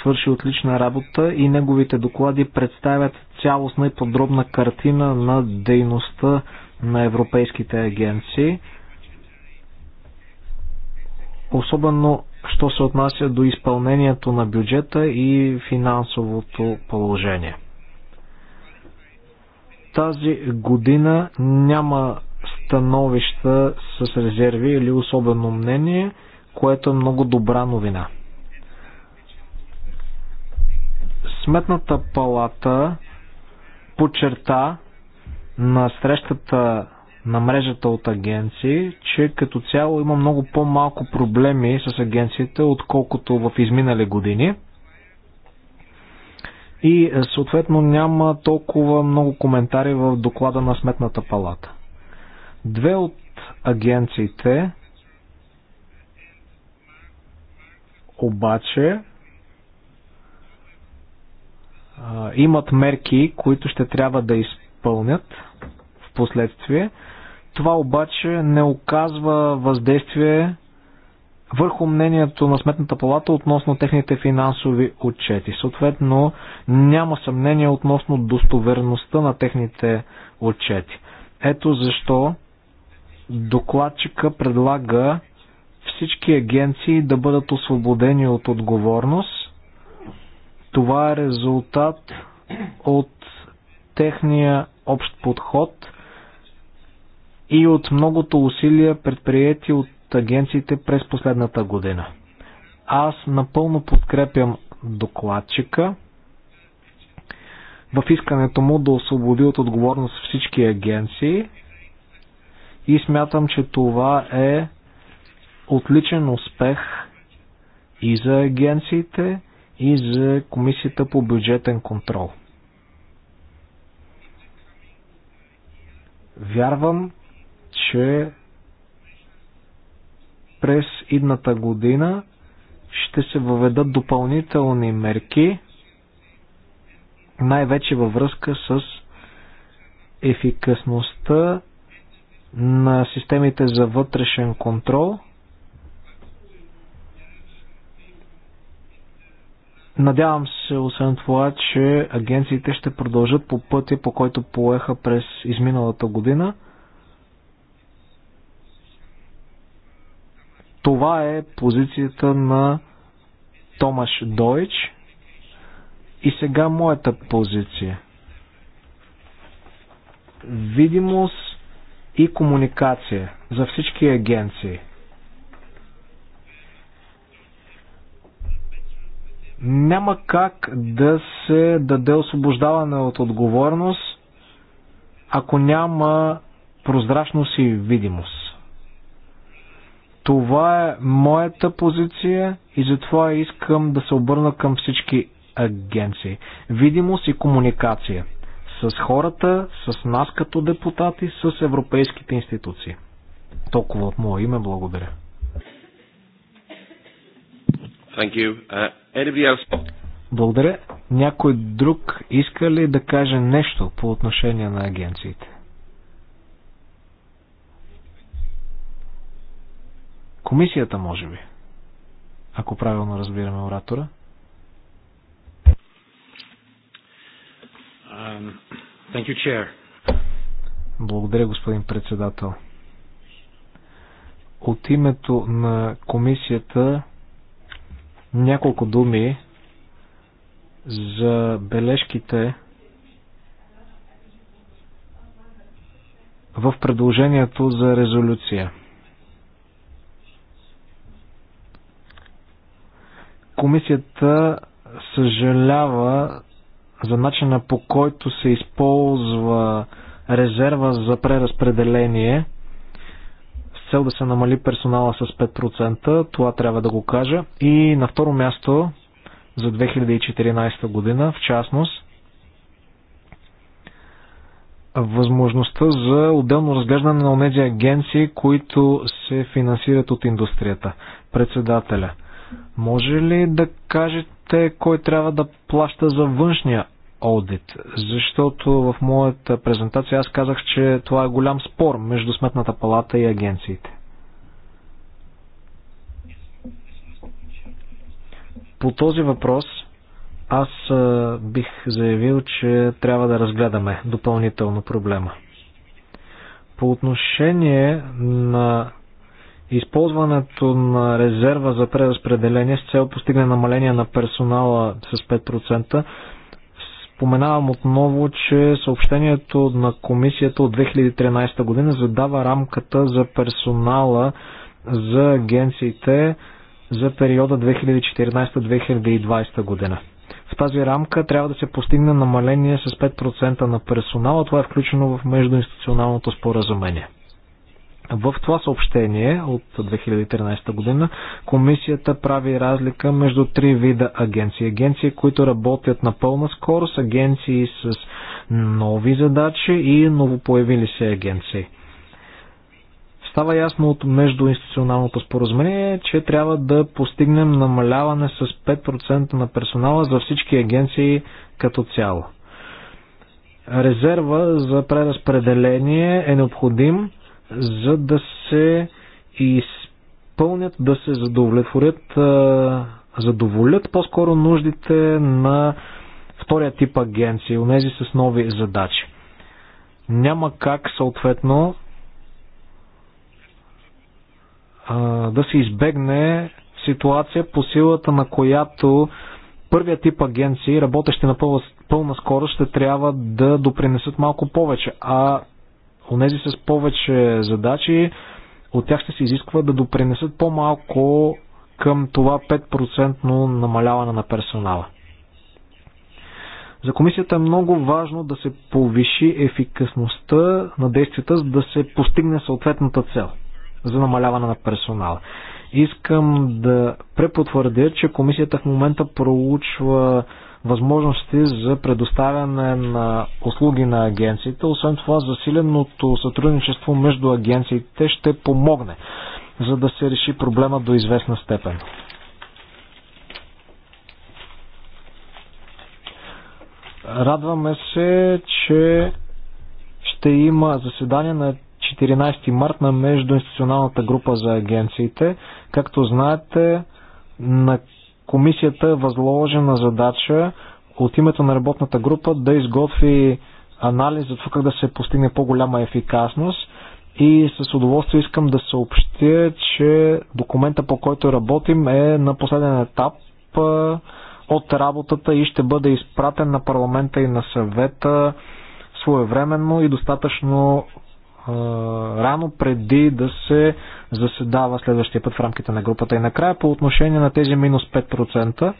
свърши отлична работа и неговите доклади представят цялостна и подробна картина на дейността на европейските агенции. Особено, що се отнася до изпълнението на бюджета и финансовото положение. Тази година няма становища с резерви или особено мнение, което е много добра новина. Сметната палата подчерта на срещата на мрежата от агенции, че като цяло има много по-малко проблеми с агенциите, отколкото в изминали години – и е, съответно няма толкова много коментари в доклада на Сметната палата. Две от агенциите обаче е, имат мерки, които ще трябва да изпълнят в последствие. Това обаче не оказва въздействие върху мнението на Сметната палата относно техните финансови отчети. Съответно, няма съмнение относно достоверността на техните отчети. Ето защо докладчика предлага всички агенции да бъдат освободени от отговорност. Това е резултат от техния общ подход и от многото усилия предприяти от агенциите през последната година. Аз напълно подкрепям докладчика в искането му да освободи от отговорност всички агенции и смятам, че това е отличен успех и за агенциите, и за Комисията по бюджетен контрол. Вярвам, че през идната година ще се въведат допълнителни мерки, най-вече във връзка с ефикасността на системите за вътрешен контрол. Надявам се, освен това, че агенциите ще продължат по пътя, по който поеха през изминалата година – Това е позицията на Томаш Дойч. И сега моята позиция. Видимост и комуникация за всички агенции. Няма как да се даде освобождаване от отговорност, ако няма прозрачност и видимост. Това е моята позиция и затова искам да се обърна към всички агенции. Видимост и комуникация с хората, с нас като депутати, с европейските институции. Толкова от мое име, благодаря. Thank you. Uh, else? Благодаря. Някой друг иска ли да каже нещо по отношение на агенциите? Комисията, може би, ако правилно разбираме оратора. Um, thank you, chair. Благодаря, господин председател. От името на комисията няколко думи за бележките в предложението за резолюция. Комисията съжалява за начина по който се използва резерва за преразпределение с цел да се намали персонала с 5%, това трябва да го кажа. И на второ място за 2014 година, в частност, възможността за отделно разглеждане на тези агенции, които се финансират от индустрията. Председателя – може ли да кажете кой трябва да плаща за външния аудит? Защото в моята презентация аз казах, че това е голям спор между Сметната палата и агенциите. По този въпрос аз бих заявил, че трябва да разгледаме допълнително проблема. По отношение на използването на резерва за преразпределение с цел постигне намаление на персонала с 5%. Споменавам отново, че съобщението на комисията от 2013 година задава рамката за персонала за агенциите за периода 2014-2020 година. В тази рамка трябва да се постигне намаление с 5% на персонала. Това е включено в междуинституционалното споразумение. В това съобщение от 2013 година комисията прави разлика между три вида агенции. Агенции, които работят на пълна скорост, агенции с нови задачи и новопоявили се агенции. Става ясно от междуинституционалното споразумение, че трябва да постигнем намаляване с 5% на персонала за всички агенции като цяло. Резерва за преразпределение е необходим за да се изпълнят, да се задовлетворят, задоволят по-скоро нуждите на втория тип агенции, унези с нови задачи. Няма как съответно да се избегне ситуация по силата на която първия тип агенции, работещи на пълна, пълна скорост, ще трябва да допринесат малко повече, а Онези с повече задачи, от тях ще се изисква да допринесат по-малко към това 5% намаляване на персонала. За комисията е много важно да се повиши ефикасността на действията, за да се постигне съответната цел за намаляване на персонала. Искам да препотвърдя, че комисията в момента проучва възможности за предоставяне на услуги на агенциите. Освен това, засиленото сътрудничество между агенциите ще помогне, за да се реши проблема до известна степен. Радваме се, че ще има заседание на 14 март на междуинституционалната група за агенциите. Както знаете, на комисията е възложена задача от името на работната група да изготви анализ за това как да се постигне по-голяма ефикасност и с удоволствие искам да съобщя, че документа по който работим е на последен етап от работата и ще бъде изпратен на парламента и на съвета своевременно и достатъчно рано преди да се заседава следващия път в рамките на групата. И накрая по отношение на тези минус 5%,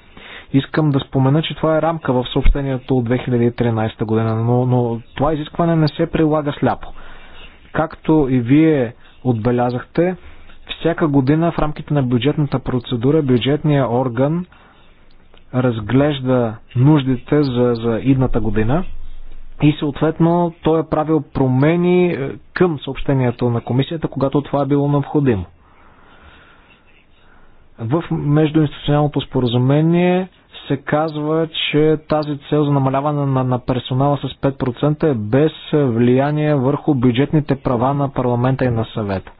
искам да спомена, че това е рамка в съобщението от 2013 година, но, но това изискване не се прилага сляпо. Както и вие отбелязахте, всяка година в рамките на бюджетната процедура бюджетният орган разглежда нуждите за, за идната година и съответно той е правил промени е, към съобщението на комисията, когато това е било необходимо. В междуинституционалното споразумение се казва, че тази цел за намаляване на, на персонала с 5% е без влияние върху бюджетните права на парламента и на съвета.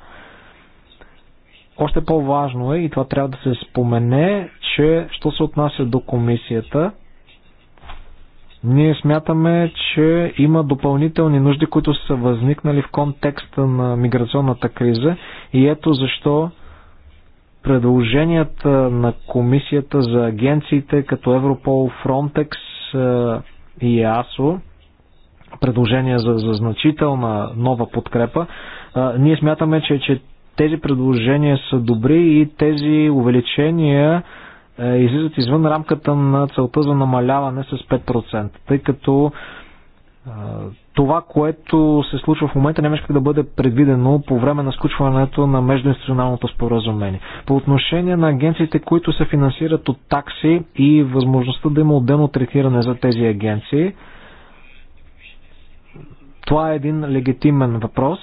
Още по-важно е, и това трябва да се спомене, че, що се отнася до комисията, ние смятаме, че има допълнителни нужди, които са възникнали в контекста на миграционната криза и ето защо предложенията на комисията за агенциите като Европол, Фронтекс е, и ЕАСО, предложения за, за значителна нова подкрепа, е, ние смятаме, че, че тези предложения са добри и тези увеличения е, излизат извън рамката на целта за намаляване с 5%, тъй като е, това, което се случва в момента, нямаше как да бъде предвидено по време на сключването на междуинституционалното споразумение. По отношение на агенциите, които се финансират от такси и възможността да има отделно третиране за тези агенции, това е един легитимен въпрос.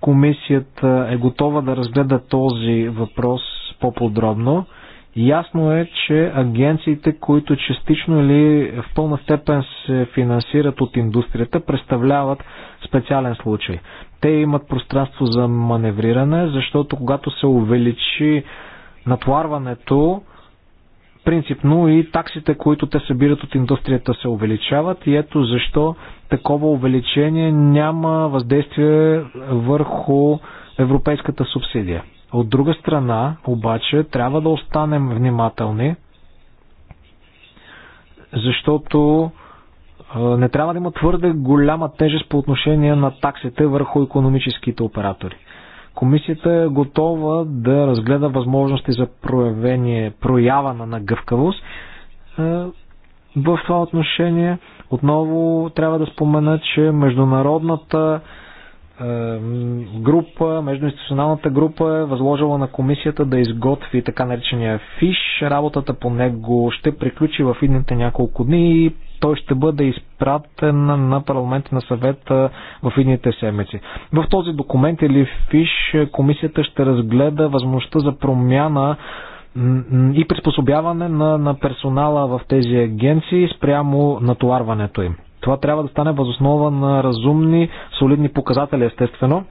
Комисията е готова да разгледа този въпрос по-подробно. Ясно е, че агенциите, които частично или в пълна степен се финансират от индустрията, представляват специален случай. Те имат пространство за маневриране, защото когато се увеличи натварването, принципно и таксите, които те събират от индустрията се увеличават и ето защо такова увеличение няма въздействие върху европейската субсидия. От друга страна, обаче, трябва да останем внимателни, защото не трябва да има твърде голяма тежест по отношение на таксите върху економическите оператори. Комисията е готова да разгледа възможности за проявение, проява на гъвкавост. В това отношение отново трябва да спомена, че международната група, междуинституционалната група е възложила на комисията да изготви така наречения фиш. Работата по него ще приключи в идните няколко дни и той ще бъде изпратен на парламент на съвет в идните седмици. В този документ или фиш комисията ще разгледа възможността за промяна и приспособяване на, на персонала в тези агенции спрямо натоварването им. Това трябва да стане възоснова на разумни, солидни показатели, естествено.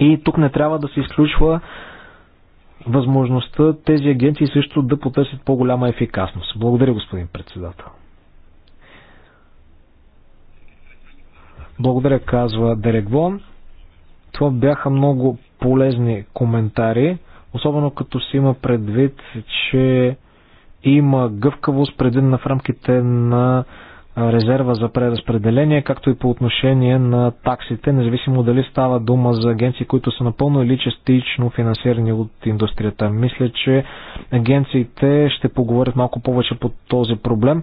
И тук не трябва да се изключва възможността тези агенции също да потърсят по-голяма ефикасност. Благодаря, господин председател. Благодаря, казва Дерек Вон. Това бяха много полезни коментари, особено като се има предвид, че има гъвкавост предвидена в рамките на резерва за преразпределение, както и по отношение на таксите, независимо дали става дума за агенции, които са напълно или частично финансирани от индустрията. Мисля, че агенциите ще поговорят малко повече по този проблем.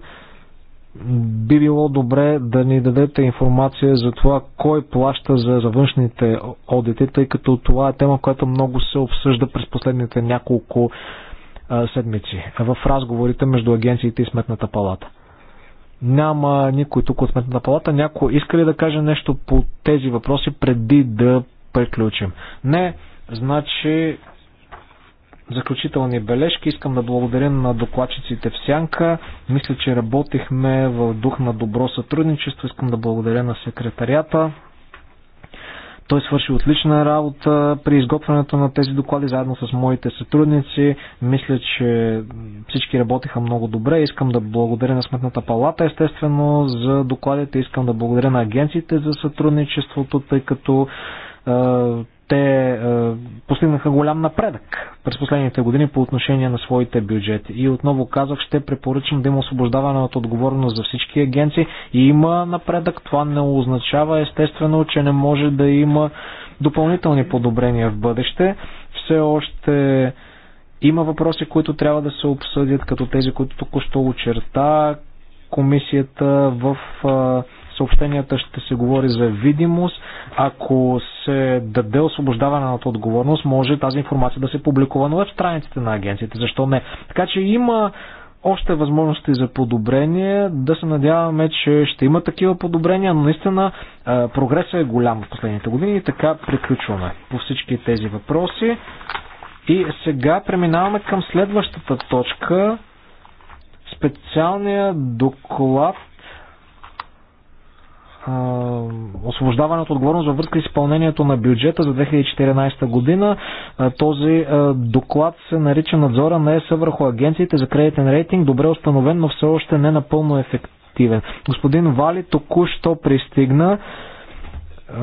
Би било добре да ни дадете информация за това кой плаща за, за външните одити, тъй като това е тема, която много се обсъжда през последните няколко седмици в разговорите между агенциите и Сметната палата. Няма никой тук от сметната палата. Някой иска ли да каже нещо по тези въпроси преди да приключим? Не, значи заключителни бележки. Искам да благодаря на докладчиците в Сянка. Мисля, че работихме в дух на добро сътрудничество. Искам да благодаря на секретарията. Той свърши отлична работа при изготвянето на тези доклади заедно с моите сътрудници. Мисля, че всички работиха много добре. Искам да благодаря на Сметната палата, естествено, за докладите. Искам да благодаря на агенциите за сътрудничеството, тъй като те е, постигнаха голям напредък през последните години по отношение на своите бюджети. И отново казах, ще препоръчам да има освобождаване от отговорност за всички агенции. И има напредък, това не означава естествено, че не може да има допълнителни подобрения в бъдеще. Все още има въпроси, които трябва да се обсъдят, като тези, които току-що очерта комисията в е, съобщенията ще се говори за видимост. Ако се даде освобождаване от отговорност, може тази информация да се публикува на страниците на агенцията. Защо не? Така че има още възможности за подобрение. Да се надяваме, че ще има такива подобрения, но наистина прогресът е голям в последните години и така приключваме по всички тези въпроси. И сега преминаваме към следващата точка. Специалният доклад освобождаване от отговорност във връзка с изпълнението на бюджета за 2014 година. Този доклад се нарича надзора на ЕС върху агенциите за кредитен рейтинг, добре установен, но все още не напълно ефективен. Господин Вали току-що пристигна.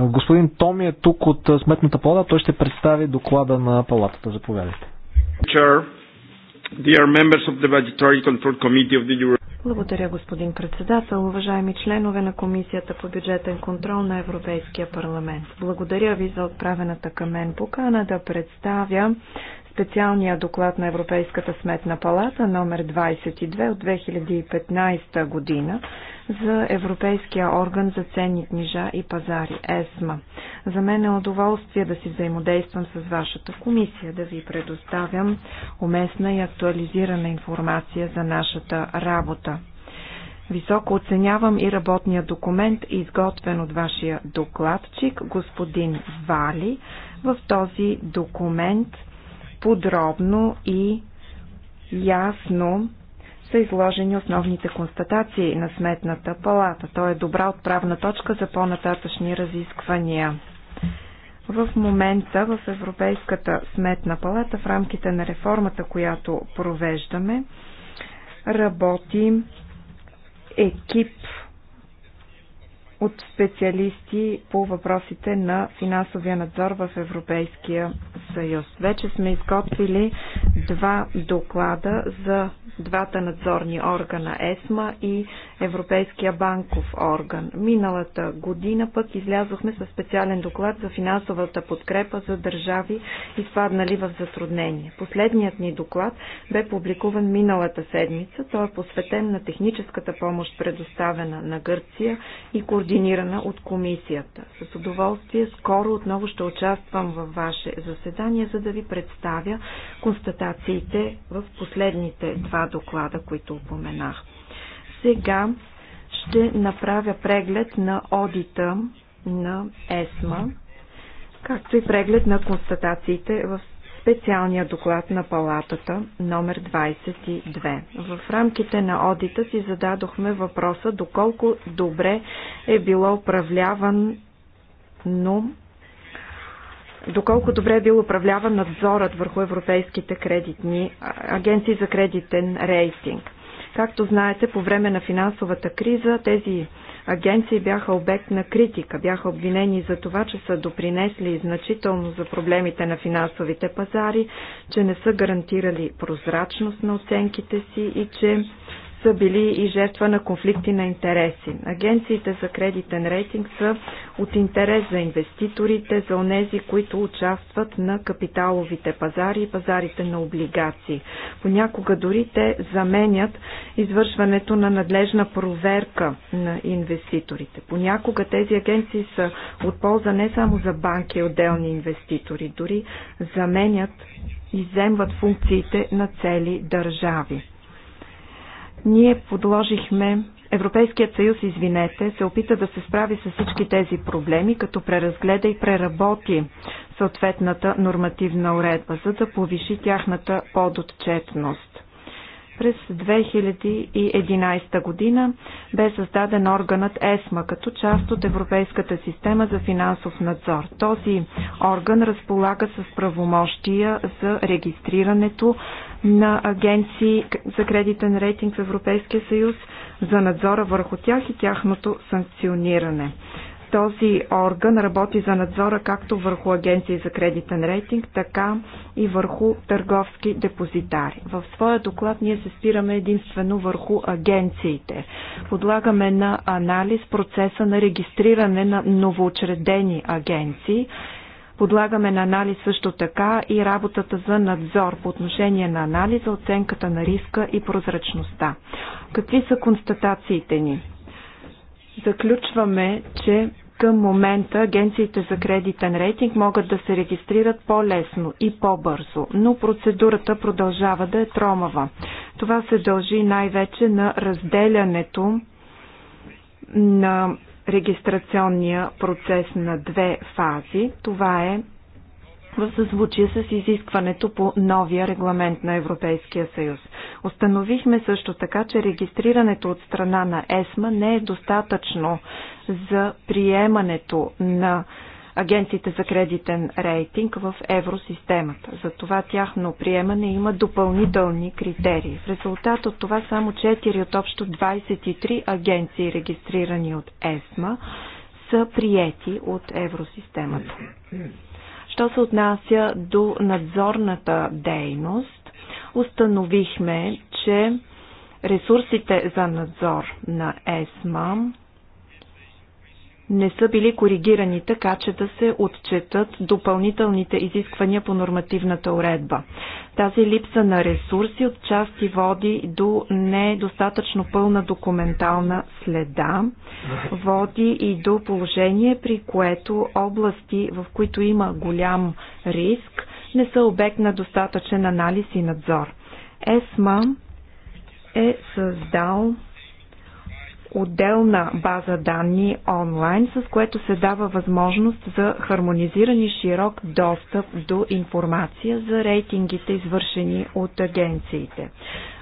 Господин Томи е тук от Сметната палата. Той ще представи доклада на палатата. Заповядайте. Благодаря, господин председател. Уважаеми членове на Комисията по бюджетен контрол на Европейския парламент, благодаря ви за отправената към мен покана да представя специалния доклад на Европейската сметна палата номер 22 от 2015 година за Европейския орган за ценни книжа и пазари ЕСМА. За мен е удоволствие да си взаимодействам с вашата комисия, да ви предоставям уместна и актуализирана информация за нашата работа. Високо оценявам и работния документ, изготвен от вашия докладчик, господин Вали. В този документ – подробно и ясно са изложени основните констатации на Сметната палата. Той е добра отправна точка за по-нататъчни разисквания. В момента в Европейската сметна палата в рамките на реформата, която провеждаме, работи екип от специалисти по въпросите на финансовия надзор в Европейския съюз. Вече сме изготвили два доклада за двата надзорни органа ЕСМА и Европейския банков орган. Миналата година пък излязохме със специален доклад за финансовата подкрепа за държави, изпаднали в затруднение. Последният ни доклад бе публикуван миналата седмица. Той е посветен на техническата помощ, предоставена на Гърция и координирана от комисията. С удоволствие скоро отново ще участвам във ваше заседание, за да ви представя констатациите в последните два доклада, които упоменах. Сега ще направя преглед на одита на ЕСМА, както и преглед на констатациите в специалния доклад на палатата номер 22. В рамките на одита си зададохме въпроса доколко добре е било управляван доколко добре е бил управляван надзорът върху европейските кредитни агенции за кредитен рейтинг. Както знаете, по време на финансовата криза тези агенции бяха обект на критика, бяха обвинени за това, че са допринесли значително за проблемите на финансовите пазари, че не са гарантирали прозрачност на оценките си и че са били и жертва на конфликти на интереси. Агенциите за кредитен рейтинг са от интерес за инвеститорите, за онези, които участват на капиталовите пазари и пазарите на облигации. Понякога дори те заменят извършването на надлежна проверка на инвеститорите. Понякога тези агенции са от полза не само за банки и отделни инвеститори, дори заменят и иземват функциите на цели държави. Ние подложихме, Европейският съюз, извинете, се опита да се справи с всички тези проблеми, като преразгледа и преработи съответната нормативна уредба, за да повиши тяхната подотчетност през 2011 година бе създаден органът ЕСМА като част от Европейската система за финансов надзор. Този орган разполага с правомощия за регистрирането, на агенции за кредитен рейтинг в Европейския съюз, за надзора върху тях и тяхното санкциониране. Този орган работи за надзора както върху агенции за кредитен рейтинг, така и върху търговски депозитари. В своя доклад ние се спираме единствено върху агенциите. Подлагаме на анализ процеса на регистриране на новоочредени агенции Подлагаме на анализ също така и работата за надзор по отношение на анализа, оценката на риска и прозрачността. Какви са констатациите ни? Заключваме, че към момента агенциите за кредитен рейтинг могат да се регистрират по-лесно и по-бързо, но процедурата продължава да е тромава. Това се дължи най-вече на разделянето на регистрационния процес на две фази. Това е в съзвучие с изискването по новия регламент на Европейския съюз. Установихме също така, че регистрирането от страна на ЕСМА не е достатъчно за приемането на агенциите за кредитен рейтинг в евросистемата. За това тяхно приемане има допълнителни критерии. В резултат от това само 4 от общо 23 агенции, регистрирани от ЕСМА, са приети от евросистемата. Що се отнася до надзорната дейност, установихме, че ресурсите за надзор на ЕСМА не са били коригирани така, че да се отчетат допълнителните изисквания по нормативната уредба. Тази липса на ресурси отчасти води до недостатъчно пълна документална следа, води и до положение, при което области, в които има голям риск, не са обект на достатъчен анализ и надзор. ЕСМА е създал отделна база данни онлайн, с което се дава възможност за хармонизиран и широк достъп до информация за рейтингите, извършени от агенциите.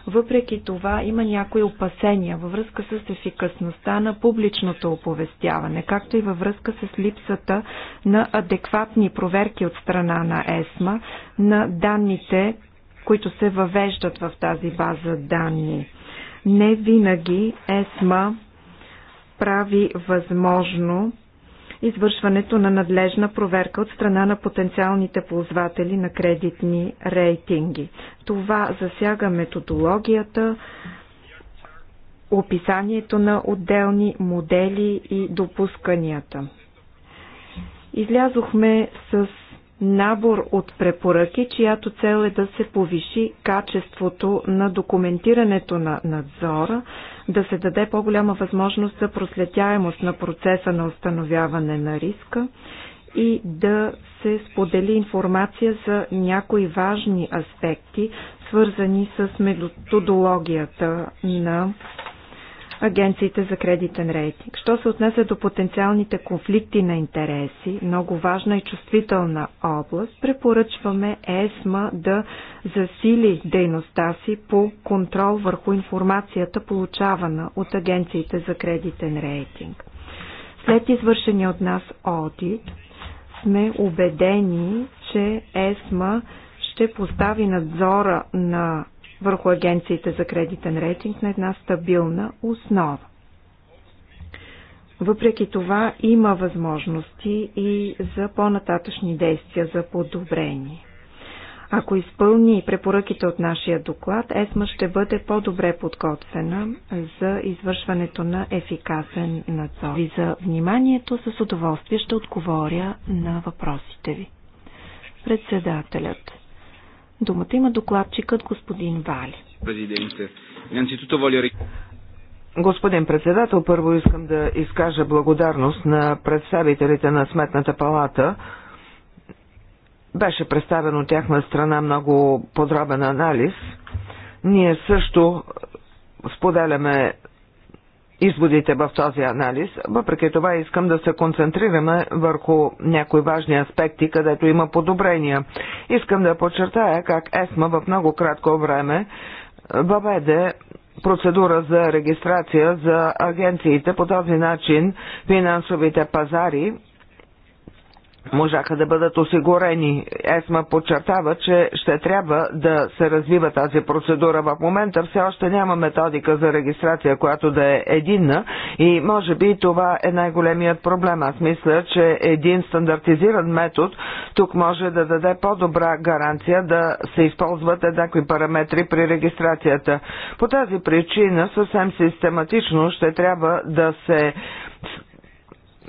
Въпреки това има някои опасения във връзка с ефикасността на публичното оповестяване, както и във връзка с липсата на адекватни проверки от страна на ЕСМА на данните, които се въвеждат в тази база данни. Не винаги ЕСМА прави възможно извършването на надлежна проверка от страна на потенциалните ползватели на кредитни рейтинги. Това засяга методологията, описанието на отделни модели и допусканията. Излязохме с набор от препоръки, чиято цел е да се повиши качеството на документирането на надзора, да се даде по-голяма възможност за проследяемост на процеса на установяване на риска и да се сподели информация за някои важни аспекти, свързани с методологията на агенциите за кредитен рейтинг. Що се отнесе до потенциалните конфликти на интереси, много важна и чувствителна област, препоръчваме ЕСМА да засили дейността си по контрол върху информацията, получавана от агенциите за кредитен рейтинг. След извършения от нас одит, сме убедени, че ЕСМА ще постави надзора на върху агенциите за кредитен рейтинг на една стабилна основа. Въпреки това има възможности и за по-нататъчни действия за подобрение. Ако изпълни препоръките от нашия доклад, ЕСМА ще бъде по-добре подготвена за извършването на ефикасен надзор. Ви за вниманието с удоволствие ще отговоря на въпросите ви. Председателят Думата има докладчикът господин Вали. Господин председател, първо искам да изкажа благодарност на представителите на Сметната палата. Беше представен от тяхна страна много подробен анализ. Ние също споделяме изводите в този анализ. Въпреки това искам да се концентрираме върху някои важни аспекти, където има подобрения. Искам да подчертая как ЕСМА в много кратко време въведе процедура за регистрация за агенциите. По този начин финансовите пазари можаха да бъдат осигурени. ЕСМА подчертава, че ще трябва да се развива тази процедура. В момента все още няма методика за регистрация, която да е единна и може би това е най-големият проблем. Аз мисля, че един стандартизиран метод тук може да даде по-добра гаранция да се използват еднакви параметри при регистрацията. По тази причина съвсем систематично ще трябва да се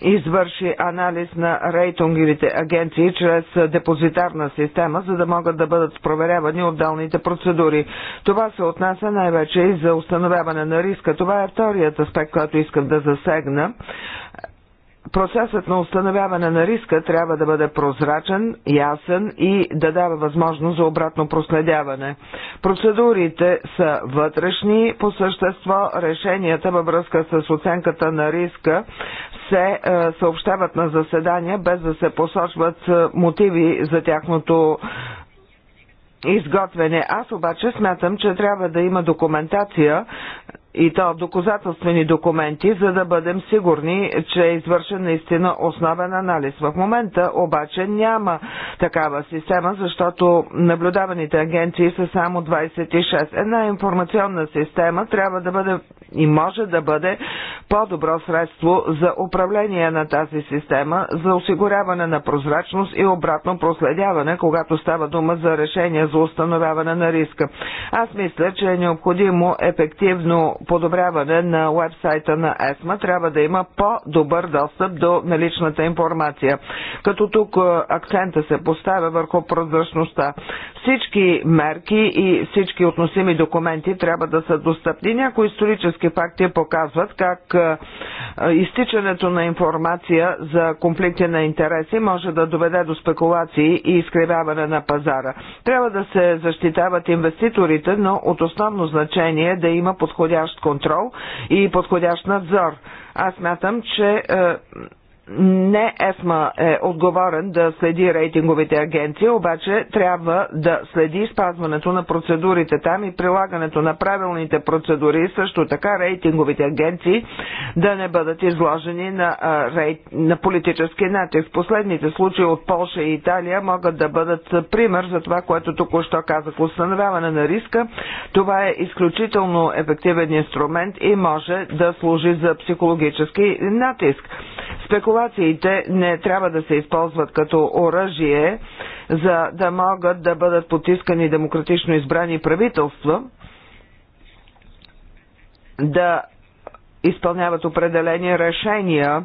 извърши анализ на рейтинговите агенции чрез депозитарна система, за да могат да бъдат проверявани отделните процедури. Това се отнася най-вече и за установяване на риска. Това е вторият аспект, който искам да засегна. Процесът на установяване на риска трябва да бъде прозрачен, ясен и да дава възможност за обратно проследяване. Процедурите са вътрешни, по същество решенията във връзка с оценката на риска се е, съобщават на заседания, без да се посочват е, мотиви за тяхното изготвяне. Аз обаче смятам, че трябва да има документация и то доказателствени документи, за да бъдем сигурни, че е извършен наистина основен анализ. В момента обаче няма такава система, защото наблюдаваните агенции са само 26. Една информационна система трябва да бъде и може да бъде по-добро средство за управление на тази система, за осигуряване на прозрачност и обратно проследяване, когато става дума за решение за установяване на риска. Аз мисля, че е необходимо ефективно подобряване на вебсайта на ЕСМА трябва да има по-добър достъп до наличната информация. Като тук акцента се поставя върху прозрачността. Всички мерки и всички относими документи трябва да са достъпни. Някои исторически факти показват как е, е, изтичането на информация за конфликти на интереси може да доведе до спекулации и изкривяване на пазара. Трябва да се защитават инвеститорите, но от основно значение е да има подходящ контрол и подходящ надзор. Аз мятам, че е, не ЕСМА е отговорен да следи рейтинговите агенции, обаче трябва да следи спазването на процедурите там и прилагането на правилните процедури, също така рейтинговите агенции да не бъдат изложени на, рейт... на политически натиск. Последните случаи от Польша и Италия могат да бъдат пример за това, което току-що казах. Установяване на риска, това е изключително ефективен инструмент и може да служи за психологически натиск. Спекула спекулациите не трябва да се използват като оръжие, за да могат да бъдат потискани демократично избрани правителства, да изпълняват определени решения,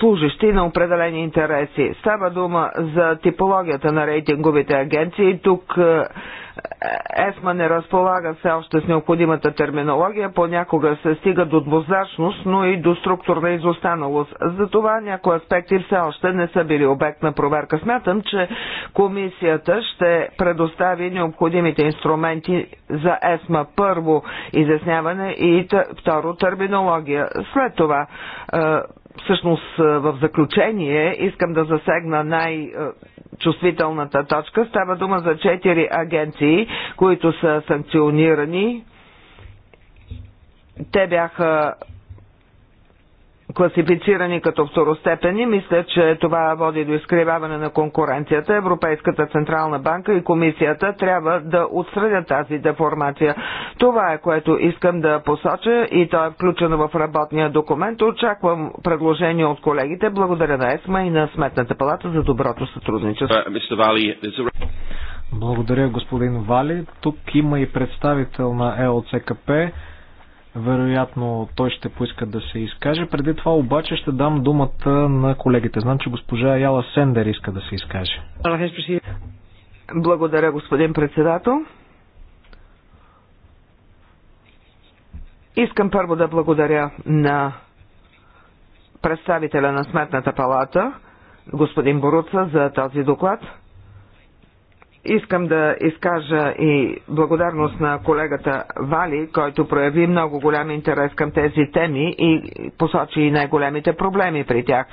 служащи на определени интереси. Става дума за типологията на рейтинговите агенции. Тук е, ЕСМА не разполага все още с необходимата терминология, понякога се стига до двузначност, но и до структурна изостаналост. Затова някои аспекти все още не са били обект на проверка. Смятам, че комисията ще предостави необходимите инструменти за ЕСМА. Първо, изясняване и второ, терминология. След това е, всъщност е, в заключение искам да засегна най- е, чувствителната точка. Става дума за четири агенции, които са санкционирани. Те бяха класифицирани като второстепени, мисля, че това води до изкривяване на конкуренцията. Европейската Централна банка и комисията трябва да отсредят тази деформация. Това е което искам да посоча и то е включено в работния документ. Очаквам предложение от колегите. Благодаря на ЕСМА и на Сметната палата за доброто сътрудничество. Uh, Благодаря, господин Вали. Тук има и представител на ЕОЦКП. Вероятно той ще поиска да се изкаже. Преди това обаче ще дам думата на колегите. Знам, че госпожа Яла Сендер иска да се изкаже. Благодаря, господин председател. Искам първо да благодаря на представителя на Сметната палата, господин Боруца, за този доклад. Искам да изкажа и благодарност на колегата Вали, който прояви много голям интерес към тези теми и посочи и най-големите проблеми при тях.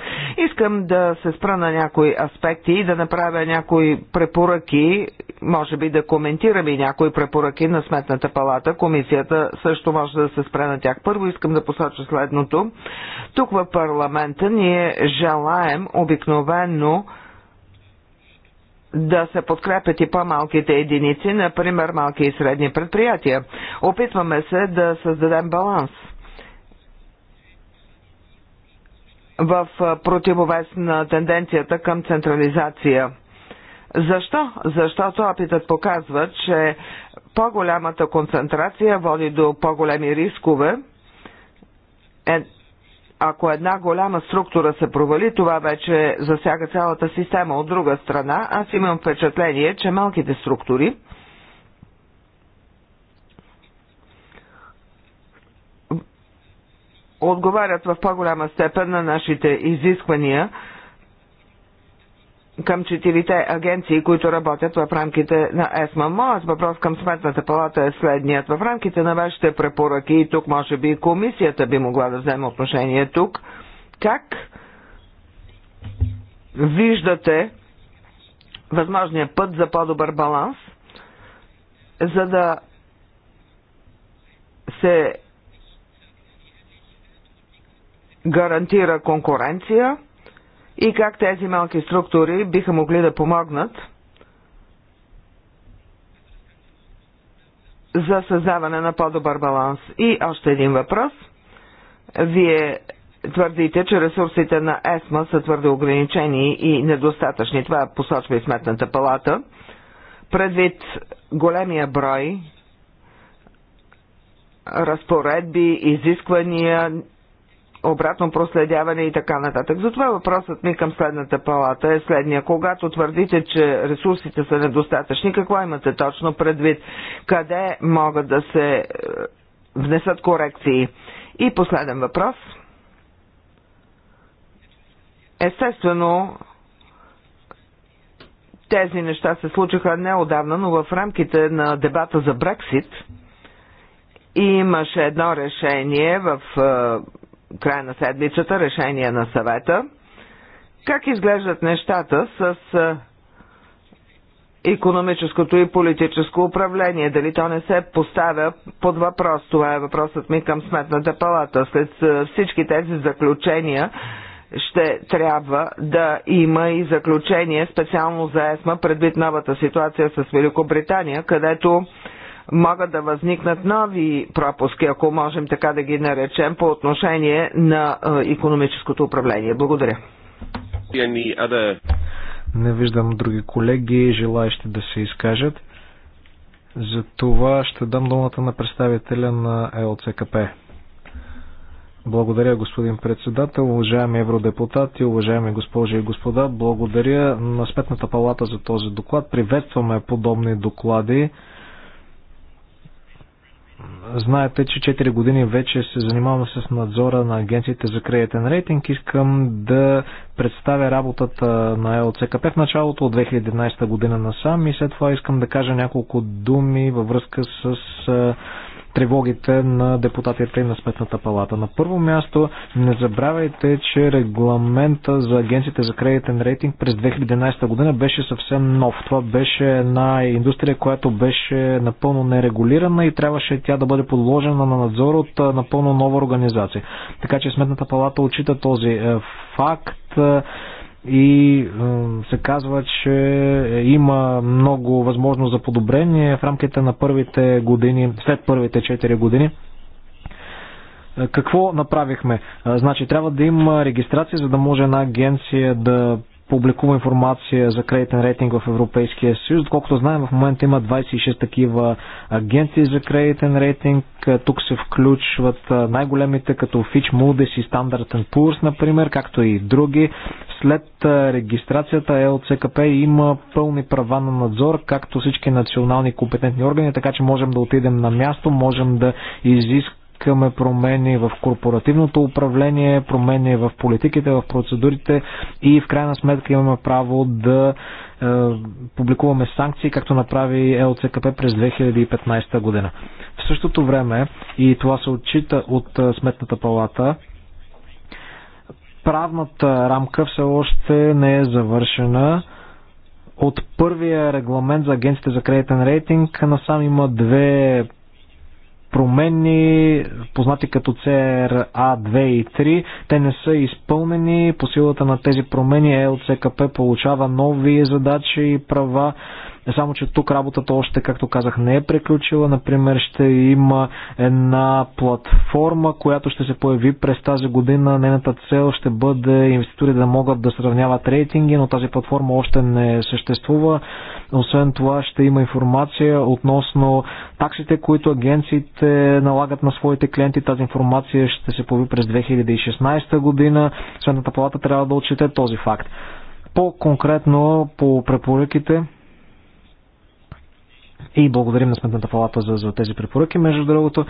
Искам да се спра на някои аспекти и да направя някои препоръки, може би да коментирам и някои препоръки на Сметната палата. Комисията също може да се спре на тях. Първо искам да посоча следното. Тук в парламента ние желаем обикновенно да се подкрепят и по-малките единици, например малки и средни предприятия. Опитваме се да създадем баланс в противовес на тенденцията към централизация. Защо? Защото опитът показва, че по-голямата концентрация води до по-големи рискове, е, ако една голяма структура се провали, това вече засяга цялата система. От друга страна, аз имам впечатление, че малките структури отговарят в по-голяма степен на нашите изисквания – към четирите агенции, които работят в рамките на ЕСМА. Моят въпрос към Сметната палата е следният. В рамките на вашите препоръки, и тук може би комисията би могла да вземе отношение тук, как виждате възможния път за по-добър баланс, за да се гарантира конкуренция, и как тези малки структури биха могли да помогнат за създаване на по-добър баланс. И още един въпрос. Вие твърдите, че ресурсите на ЕСМА са твърде ограничени и недостатъчни. Това посочва и Сметната палата. Предвид големия брой разпоредби, изисквания, обратно проследяване и така нататък. Затова въпросът ми към следната палата е следния. Когато твърдите, че ресурсите са недостатъчни, какво имате точно предвид? Къде могат да се е, внесат корекции? И последен въпрос. Естествено, тези неща се случиха неодавна, но в рамките на дебата за Брексит имаше едно решение в е, края на седмицата решение на съвета. Как изглеждат нещата с економическото и политическо управление, дали то не се поставя под въпрос. Това е въпросът ми към Сметната палата. След всички тези заключения ще трябва да има и заключение специално за ЕСМА предвид новата ситуация с Великобритания, където могат да възникнат нови пропуски, ако можем така да ги наречем, по отношение на економическото управление. Благодаря. Не виждам други колеги, желаящи да се изкажат. За това ще дам думата на представителя на ЛЦКП. Благодаря, господин председател, уважаеми евродепутати, уважаеми госпожи и господа. Благодаря на Сметната палата за този доклад. Приветстваме подобни доклади. Знаете, че 4 години вече се занимавам с надзора на агенциите за кредитен рейтинг. Искам да представя работата на ЕОЦКП в началото от 2011 година насам и след това искам да кажа няколко думи във връзка с тревогите на депутатите и на Сметната палата. На първо място, не забравяйте, че регламента за агенциите за кредитен рейтинг през 2011 година беше съвсем нов. Това беше една индустрия, която беше напълно нерегулирана и трябваше тя да бъде подложена на надзор от напълно нова организация. Така че Сметната палата отчита този е, факт и се казва, че има много възможност за подобрение в рамките на първите години, след първите 4 години. Какво направихме? Значи трябва да има регистрация, за да може една агенция да публикува информация за кредитен рейтинг в Европейския съюз. Доколкото знаем, в момента има 26 такива агенции за кредитен рейтинг. Тук се включват най-големите като Fitch, Moody's и Standard Poor's, например, както и други. След регистрацията ЛЦКП има пълни права на надзор, както всички национални компетентни органи, така че можем да отидем на място, можем да изискаме искаме промени в корпоративното управление, промени в политиките, в процедурите и в крайна сметка имаме право да е, публикуваме санкции, както направи ЛЦКП през 2015 година. В същото време, и това се отчита от е, Сметната палата, правната рамка все още не е завършена от първия регламент за агенците за кредитен рейтинг насам има две промени, познати като CRA 2 и 3, те не са изпълнени. По силата на тези промени ЕЛЦКП получава нови задачи и права. Само, че тук работата още, както казах, не е приключила. Например, ще има една платформа, която ще се появи през тази година. Нейната цел ще бъде инвеститорите да могат да сравняват рейтинги, но тази платформа още не съществува. Освен това, ще има информация относно таксите, които агенциите налагат на своите клиенти. Тази информация ще се появи през 2016 година. Сметната палата трябва да отчете този факт. По-конкретно по препоръките, и благодарим на Сметната палата за, за тези препоръки. Между другото,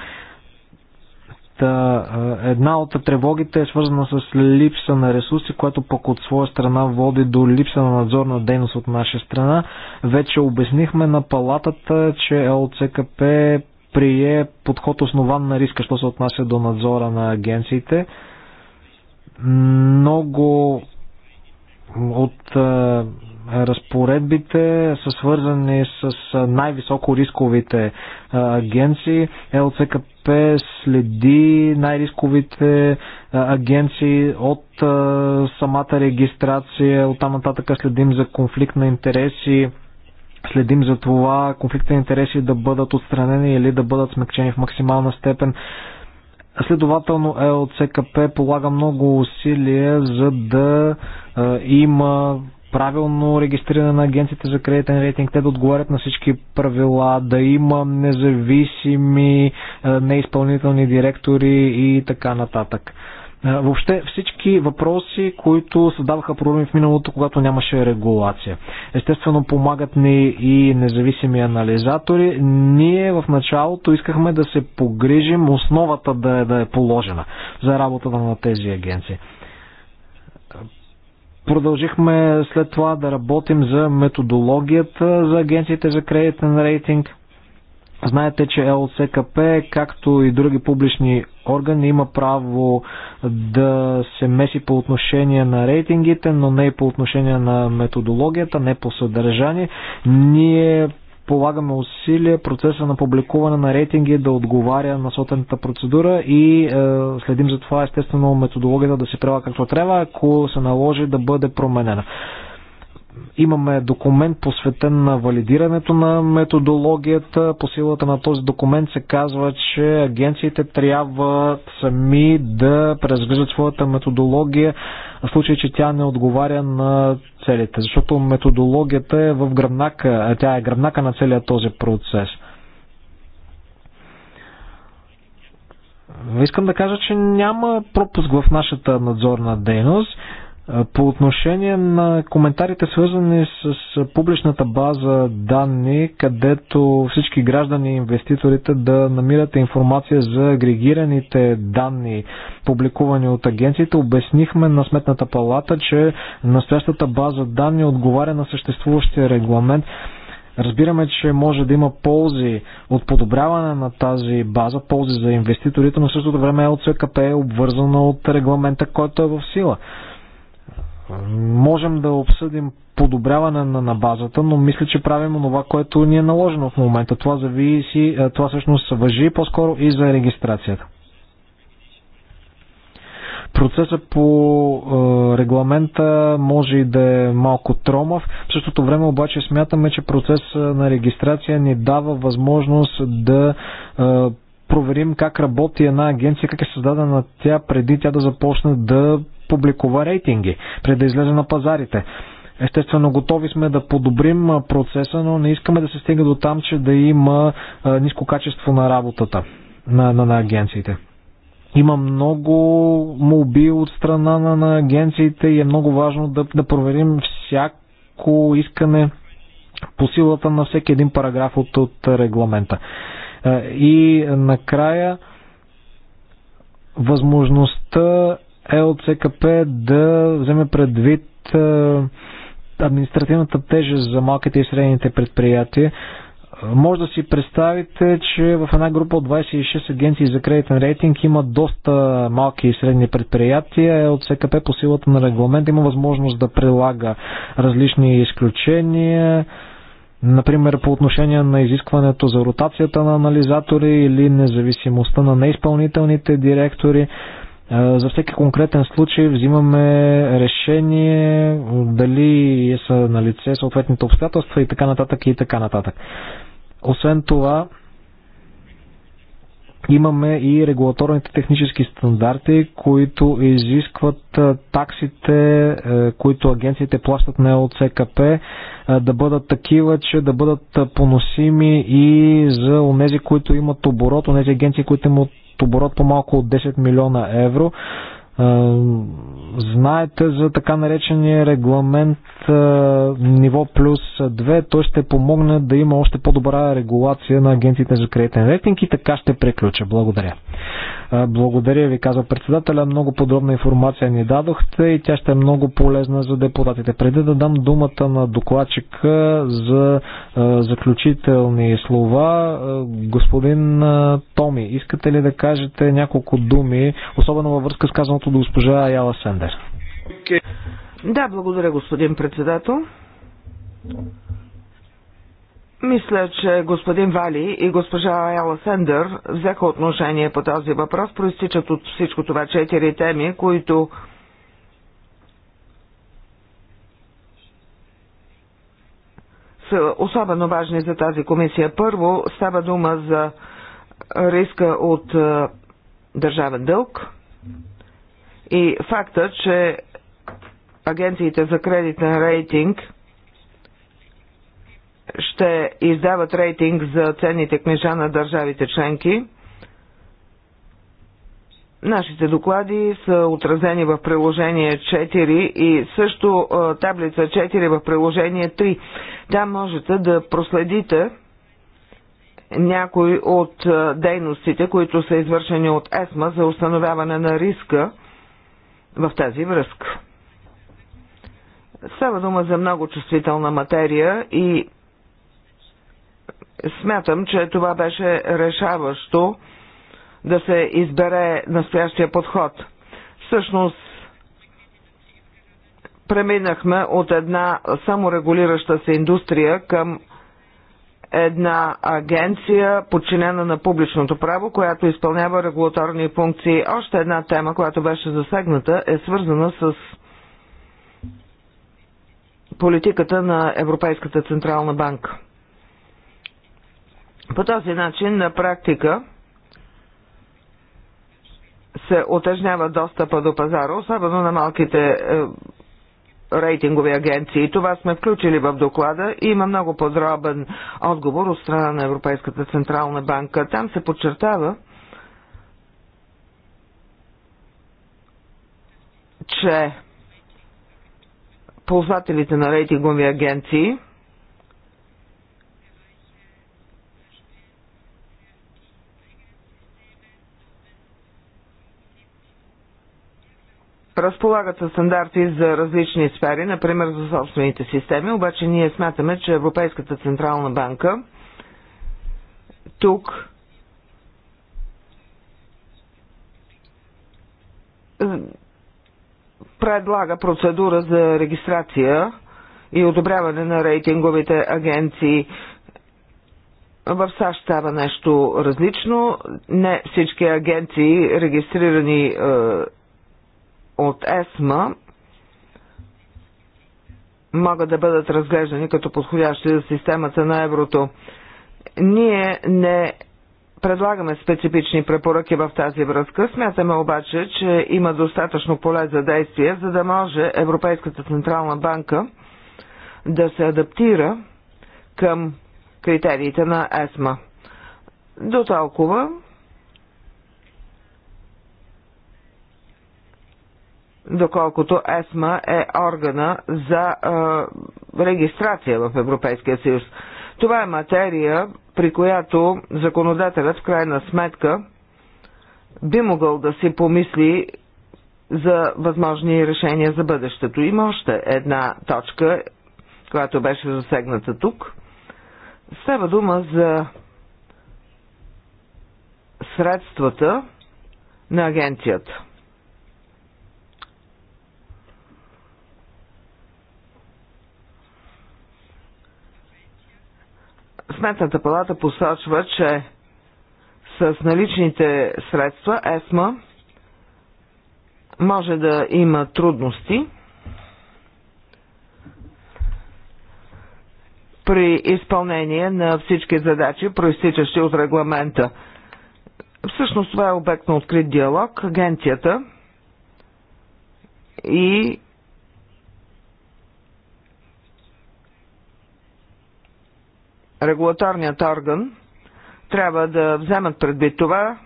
та, една от тревогите е свързана с липса на ресурси, което пък от своя страна води до липса на надзорна дейност от наша страна. Вече обяснихме на палатата, че ЛЦКП прие подход основан на риска, що се отнася до надзора на агенциите. Много от разпоредбите са свързани с най-високо рисковите агенции. ЛЦКП следи най-рисковите агенции от самата регистрация, от там нататък следим за конфликт на интереси, следим за това конфликта на интереси да бъдат отстранени или да бъдат смекчени в максимална степен. Следователно ЕОЦКП полага много усилия за да има правилно регистриране на агенцията за кредитен рейтинг, те да отговарят на всички правила, да има независими е, неизпълнителни директори и така нататък. Е, въобще всички въпроси, които създаваха проблеми в миналото, когато нямаше регулация. Естествено, помагат ни и независими анализатори. Ние в началото искахме да се погрижим основата да е, да е положена за работата на тези агенции. Продължихме след това да работим за методологията за агенциите за кредитен рейтинг. Знаете, че ЛЦКП, както и други публични органи, има право да се меси по отношение на рейтингите, но не и по отношение на методологията, не по съдържание. Ние полагаме усилия процеса на публикуване на рейтинги да отговаря на сотената процедура и е, следим за това естествено методологията да се прилага както трябва, ако се наложи да бъде променена. Имаме документ посветен на валидирането на методологията. По силата на този документ се казва, че агенциите трябва сами да преразглеждат своята методология в случай, че тя не отговаря на целите, защото методологията е в гръбнака, тя е гръбнака на целият този процес. Искам да кажа, че няма пропуск в нашата надзорна дейност. По отношение на коментарите, свързани с публичната база данни, където всички граждани и инвеститорите да намират информация за агрегираните данни, публикувани от агенциите, обяснихме на Сметната палата, че настоящата база данни отговаря на съществуващия регламент. Разбираме, че може да има ползи от подобряване на тази база, ползи за инвеститорите, но същото време ЛЦКП е обвързана от регламента, който е в сила. Можем да обсъдим подобряване на, на базата, но мисля, че правим това, което ни е наложено в момента. Това зависи, е, това всъщност въжи по-скоро и за регистрацията. Процесът по е, регламента може и да е малко тромав. В същото време обаче смятаме, че процес на регистрация ни дава възможност да е, проверим как работи една агенция, как е създадена тя преди тя да започне да публикува рейтинги, преди да излезе на пазарите. Естествено, готови сме да подобрим процеса, но не искаме да се стига до там, че да има ниско качество на работата на, на, на агенциите. Има много моби от страна на, на агенциите и е много важно да, да проверим всяко искане по силата на всеки един параграф от, от регламента. И накрая възможността ЛЦКП да вземе предвид административната тежест за малките и средните предприятия. Може да си представите, че в една група от 26 агенции за кредитен рейтинг има доста малки и средни предприятия. СКП по силата на регламент има възможност да прилага различни изключения. Например, по отношение на изискването за ротацията на анализатори или независимостта на неизпълнителните директори. За всеки конкретен случай взимаме решение дали е са на лице съответните обстоятелства и така нататък и така нататък. Освен това, имаме и регулаторните технически стандарти, които изискват таксите, които агенциите плащат на ЛЦКП, да бъдат такива, че да бъдат поносими и за онези, които имат оборот, онези агенции, които имат оборот по-малко от 10 милиона евро. Е, знаете за така наречения регламент е, ниво плюс 2. Той ще помогне да има още по-добра регулация на агенциите за кредитен рейтинг и така ще приключа. Благодаря. Благодаря ви, казва председателя. Много подробна информация ни дадохте и тя ще е много полезна за депутатите. Преди да дам думата на докладчика за заключителни слова, господин Томи, искате ли да кажете няколко думи, особено във връзка с казаното до госпожа Аяла Сендер? Да, благодаря, господин председател. Мисля, че господин Вали и госпожа Ела Сендър взеха отношение по този въпрос. Проистичат от всичко това четири теми, които са особено важни за тази комисия. Първо става дума за риска от е, държавен дълг и факта, че агенциите за кредитен рейтинг – ще издават рейтинг за ценните книжа на държавите членки. Нашите доклади са отразени в приложение 4 и също таблица 4 в приложение 3. Там можете да проследите някои от дейностите, които са извършени от ЕСМА за установяване на риска в тази връзка. Става дума за много чувствителна материя и смятам, че това беше решаващо да се избере настоящия подход. Всъщност, преминахме от една саморегулираща се индустрия към една агенция, подчинена на публичното право, която изпълнява регулаторни функции. Още една тема, която беше засегната, е свързана с политиката на Европейската Централна банка. По този начин на практика се отежнява достъпа до пазара, особено на малките е, рейтингови агенции. Това сме включили в доклада и има много подробен отговор от страна на Европейската Централна банка. Там се подчертава, че ползвателите на рейтингови агенции разполагат със стандарти за различни сфери, например за собствените системи, обаче ние смятаме, че Европейската Централна банка тук предлага процедура за регистрация и одобряване на рейтинговите агенции. В САЩ става нещо различно. Не всички агенции, регистрирани е, от ЕСМА могат да бъдат разглеждани като подходящи за системата на еврото. Ние не предлагаме специфични препоръки в тази връзка. Смятаме обаче, че има достатъчно поле за действие, за да може Европейската Централна банка да се адаптира към критериите на ЕСМА. До толкова, доколкото ЕСМА е органа за е, регистрация в Европейския съюз. Това е материя, при която законодателят в крайна сметка би могъл да си помисли за възможни решения за бъдещето. Има още една точка, която беше засегната тук. Става дума за средствата на агенцията. Сметната палата посочва, че с наличните средства ЕСМА може да има трудности при изпълнение на всички задачи, проистичащи от регламента. Всъщност това е обект на открит диалог. Агенцията и регулаторният орган трябва да вземат предвид това.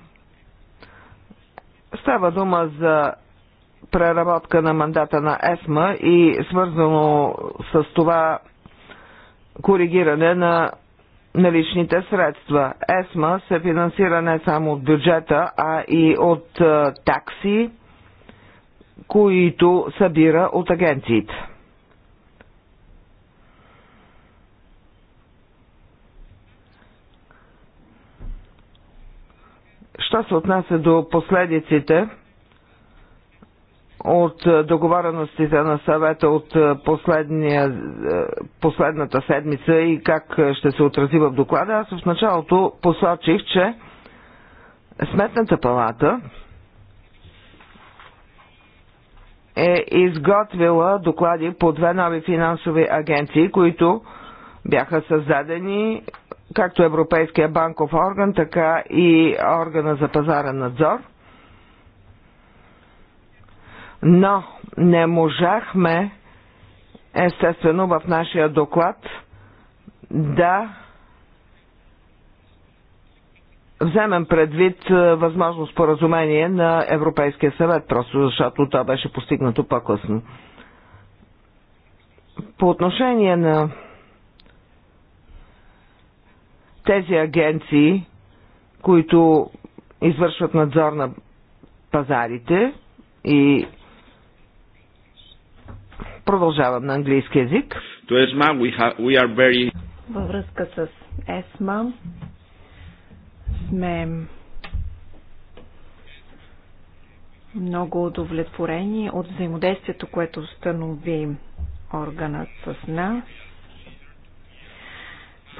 Става дума за преработка на мандата на ЕСМА и свързано с това коригиране на наличните средства. ЕСМА се финансира не само от бюджета, а и от такси, които събира от агенциите. Що се отнася до последиците от е, договореностите на съвета от е, е, последната седмица и как ще се отрази в доклада, аз в началото посочих, че Сметната палата е изготвила доклади по две нови финансови агенции, които бяха създадени както Европейския банков орган, така и органа за пазарен надзор. Но не можахме, естествено, в нашия доклад да вземем предвид е, възможно споразумение на Европейския съвет, просто защото това беше постигнато по-късно. По отношение на тези агенции, които извършват надзор на пазарите и продължавам на английски язик. Very... Във връзка с ЕСМА сме много удовлетворени от взаимодействието, което установи органът с нас.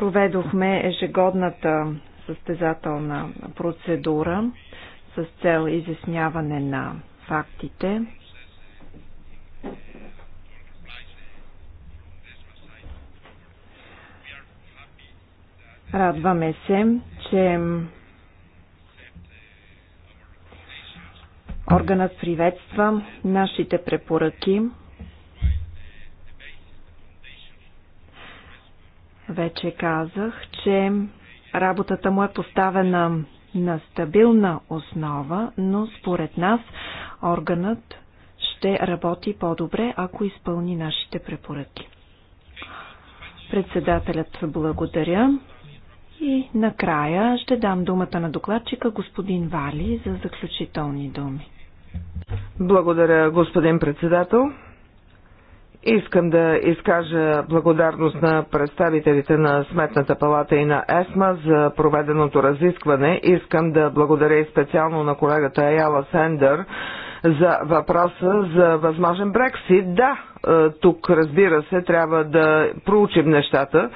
Проведохме ежегодната състезателна процедура с цел изясняване на фактите. Радваме се, че органът приветства нашите препоръки Вече казах, че работата му е поставена на стабилна основа, но според нас органът ще работи по-добре, ако изпълни нашите препоръки. Председателят благодаря. И накрая ще дам думата на докладчика господин Вали за заключителни думи. Благодаря, господин председател. Искам да изкажа благодарност на представителите на Сметната палата и на ЕСМА за проведеното разискване. Искам да благодаря и специално на колегата Аяла Сендър за въпроса за възможен Брексит. Да, е, тук разбира се трябва да проучим нещата.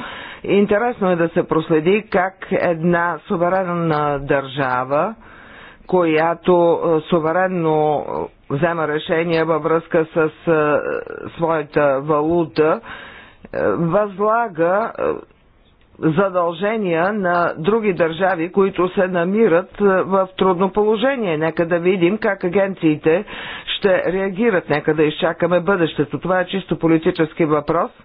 Интересно е да се проследи как една суверенна държава, която е, суверенно взема решения във връзка с своята валута, възлага задължения на други държави, които се намират в трудно положение. Нека да видим как агенциите ще реагират. Нека да изчакаме бъдещето. Това е чисто политически въпрос –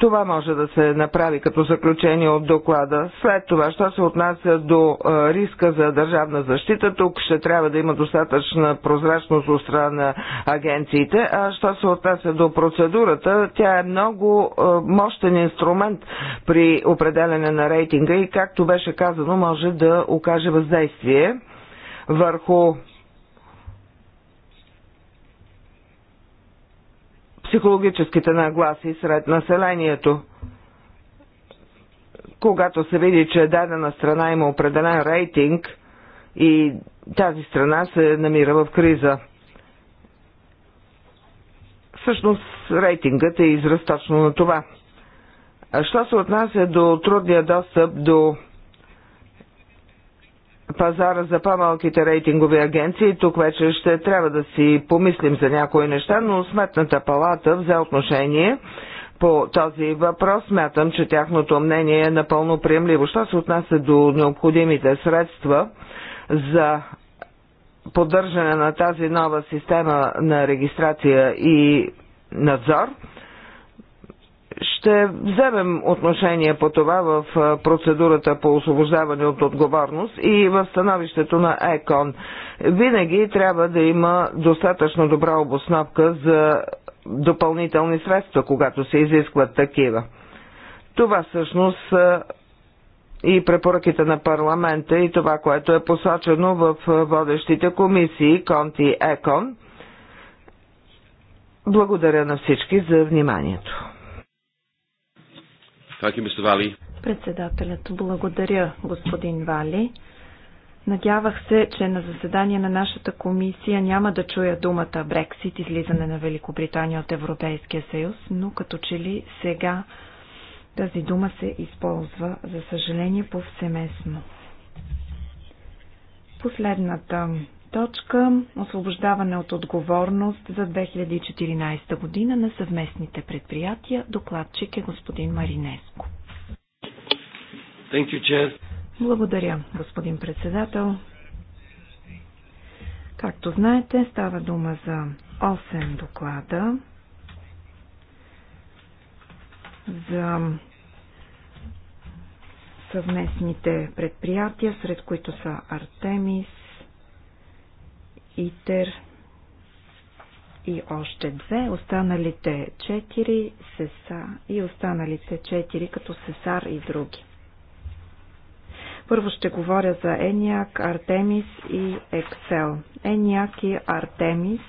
това може да се направи като заключение от доклада. След това, що се отнася до риска за държавна защита, тук ще трябва да има достатъчна прозрачност от страна на агенциите. А що се отнася до процедурата, тя е много мощен инструмент при определене на рейтинга и, както беше казано, може да окаже въздействие върху психологическите нагласи сред населението. Когато се види, че дадена страна има определен рейтинг и тази страна се намира в криза. Всъщност рейтингът е израз точно на това. А що се отнася до трудния достъп до пазара за по-малките рейтингови агенции. Тук вече ще трябва да си помислим за някои неща, но Сметната палата взе отношение по този въпрос. Смятам, че тяхното мнение е напълно приемливо. Що се отнася до необходимите средства за поддържане на тази нова система на регистрация и надзор – ще вземем отношение по това в процедурата по освобождаване от отговорност и в становището на ЕКОН. Винаги трябва да има достатъчно добра обосновка за допълнителни средства, когато се изискват такива. Това всъщност и препоръките на парламента и това, което е посочено в водещите комисии Конти и ЕКОН. Благодаря на всички за вниманието. Председателят, благодаря, господин Вали. Надявах се, че на заседание на нашата комисия няма да чуя думата Брексит, излизане на Великобритания от Европейския съюз, но като че ли сега тази дума се използва, за съжаление, повсеместно. Последната точка освобождаване от отговорност за 2014 година на съвместните предприятия. Докладчик е господин Маринеско. Thank you, Chair. Благодаря, господин председател. Както знаете, става дума за 8 доклада за съвместните предприятия, сред които са Артемис, ИТЕР и още две. Останалите четири СЕСА и останалите четири като СЕСАР и други. Първо ще говоря за ЕНИАК, Артемис и Ексел. ЕНИАК и Артемис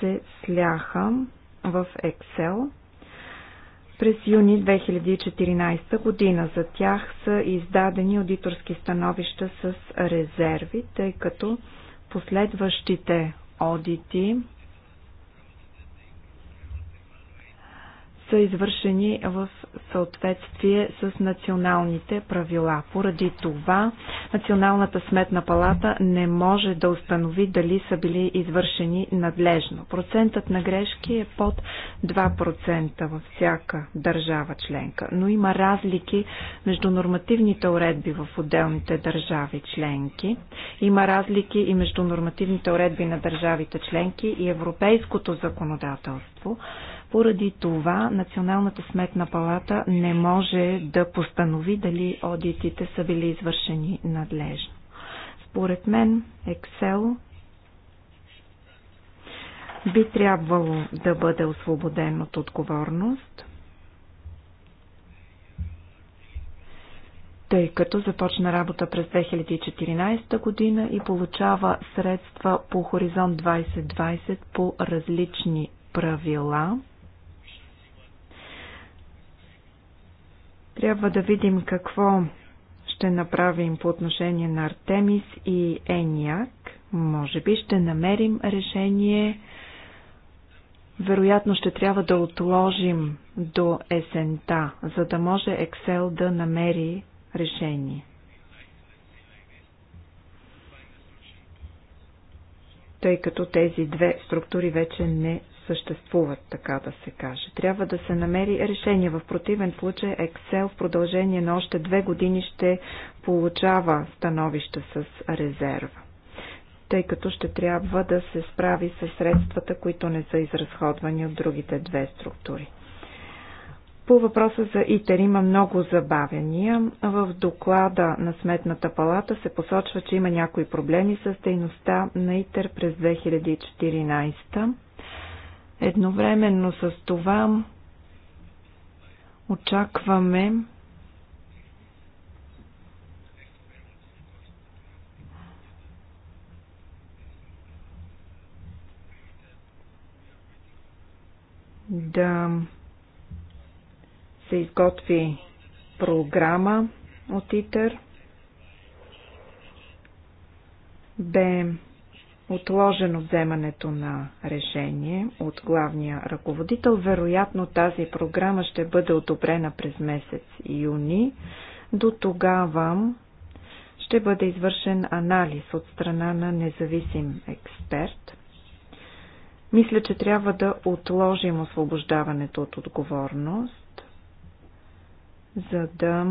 се сляха в Ексел през юни 2014 година. За тях са издадени аудиторски становища с резерви, тъй като последващите одити са извършени в съответствие с националните правила. Поради това Националната сметна палата не може да установи дали са били извършени надлежно. Процентът на грешки е под 2% във всяка държава членка, но има разлики между нормативните уредби в отделните държави членки. Има разлики и между нормативните уредби на държавите членки и европейското законодателство. Поради това Националната сметна палата не може да постанови дали одитите са били извършени надлежно. Според мен Excel би трябвало да бъде освободен от отговорност, тъй като започна работа през 2014 година и получава средства по Хоризонт 2020 по различни правила – Трябва да видим какво ще направим по отношение на Артемис и Ениак. Може би ще намерим решение. Вероятно ще трябва да отложим до есента, за да може Excel да намери решение. Тъй като тези две структури вече не съществуват, така да се каже. Трябва да се намери решение. В противен случай Excel в продължение на още две години ще получава становище с резерва тъй като ще трябва да се справи с средствата, които не са изразходвани от другите две структури. По въпроса за ИТЕР има много забавения. В доклада на Сметната палата се посочва, че има някои проблеми с дейността на ИТЕР през 2014. Едновременно с това очакваме да се изготви програма от ИТЕР. Бе отложено вземането на решение от главния ръководител. Вероятно тази програма ще бъде одобрена през месец юни. До тогава ще бъде извършен анализ от страна на независим експерт. Мисля, че трябва да отложим освобождаването от отговорност, за да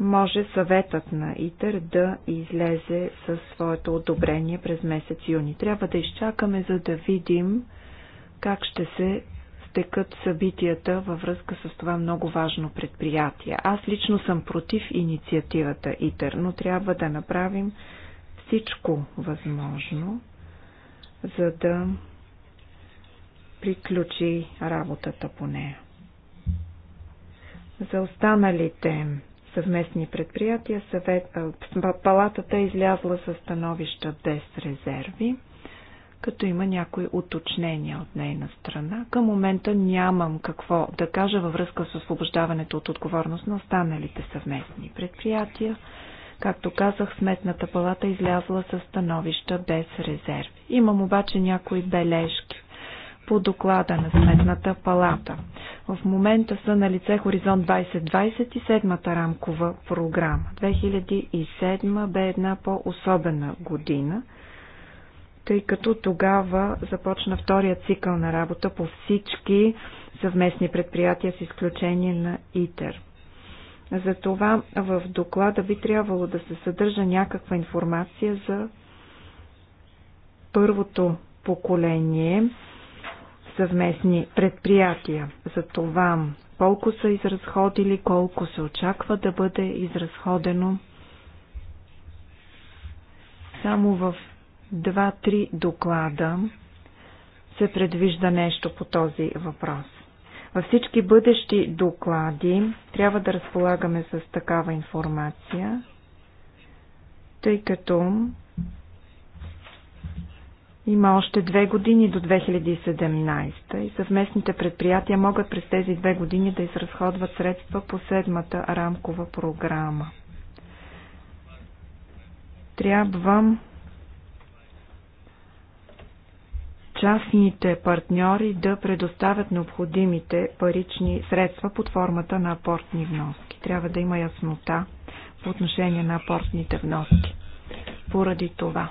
може съветът на ИТЕР да излезе със своето одобрение през месец юни. Трябва да изчакаме, за да видим как ще се стекат събитията във връзка с това много важно предприятие. Аз лично съм против инициативата ИТЕР, но трябва да направим всичко възможно, за да приключи работата по нея. За останалите съвместни предприятия, съвет, палатата е излязла със становища без резерви, като има някои уточнения от нейна страна. Към момента нямам какво да кажа във връзка с освобождаването от отговорност на останалите съвместни предприятия. Както казах, Сметната палата е излязла със становища без резерви. Имам обаче някои бележки, по доклада на Сметната палата. В момента са на лице Хоризонт 2020 и седмата рамкова програма. 2007 бе една по-особена година, тъй като тогава започна втория цикъл на работа по всички съвместни предприятия с изключение на ИТЕР. Затова в доклада би трябвало да се съдържа някаква информация за първото поколение съвместни предприятия. За това колко са изразходили, колко се очаква да бъде изразходено. Само в 2-3 доклада се предвижда нещо по този въпрос. Във всички бъдещи доклади трябва да разполагаме с такава информация, тъй като има още две години до 2017 и съвместните предприятия могат през тези две години да изразходват средства по седмата рамкова програма. Трябва частните партньори да предоставят необходимите парични средства под формата на апортни вноски. Трябва да има яснота по отношение на апортните вноски. Поради това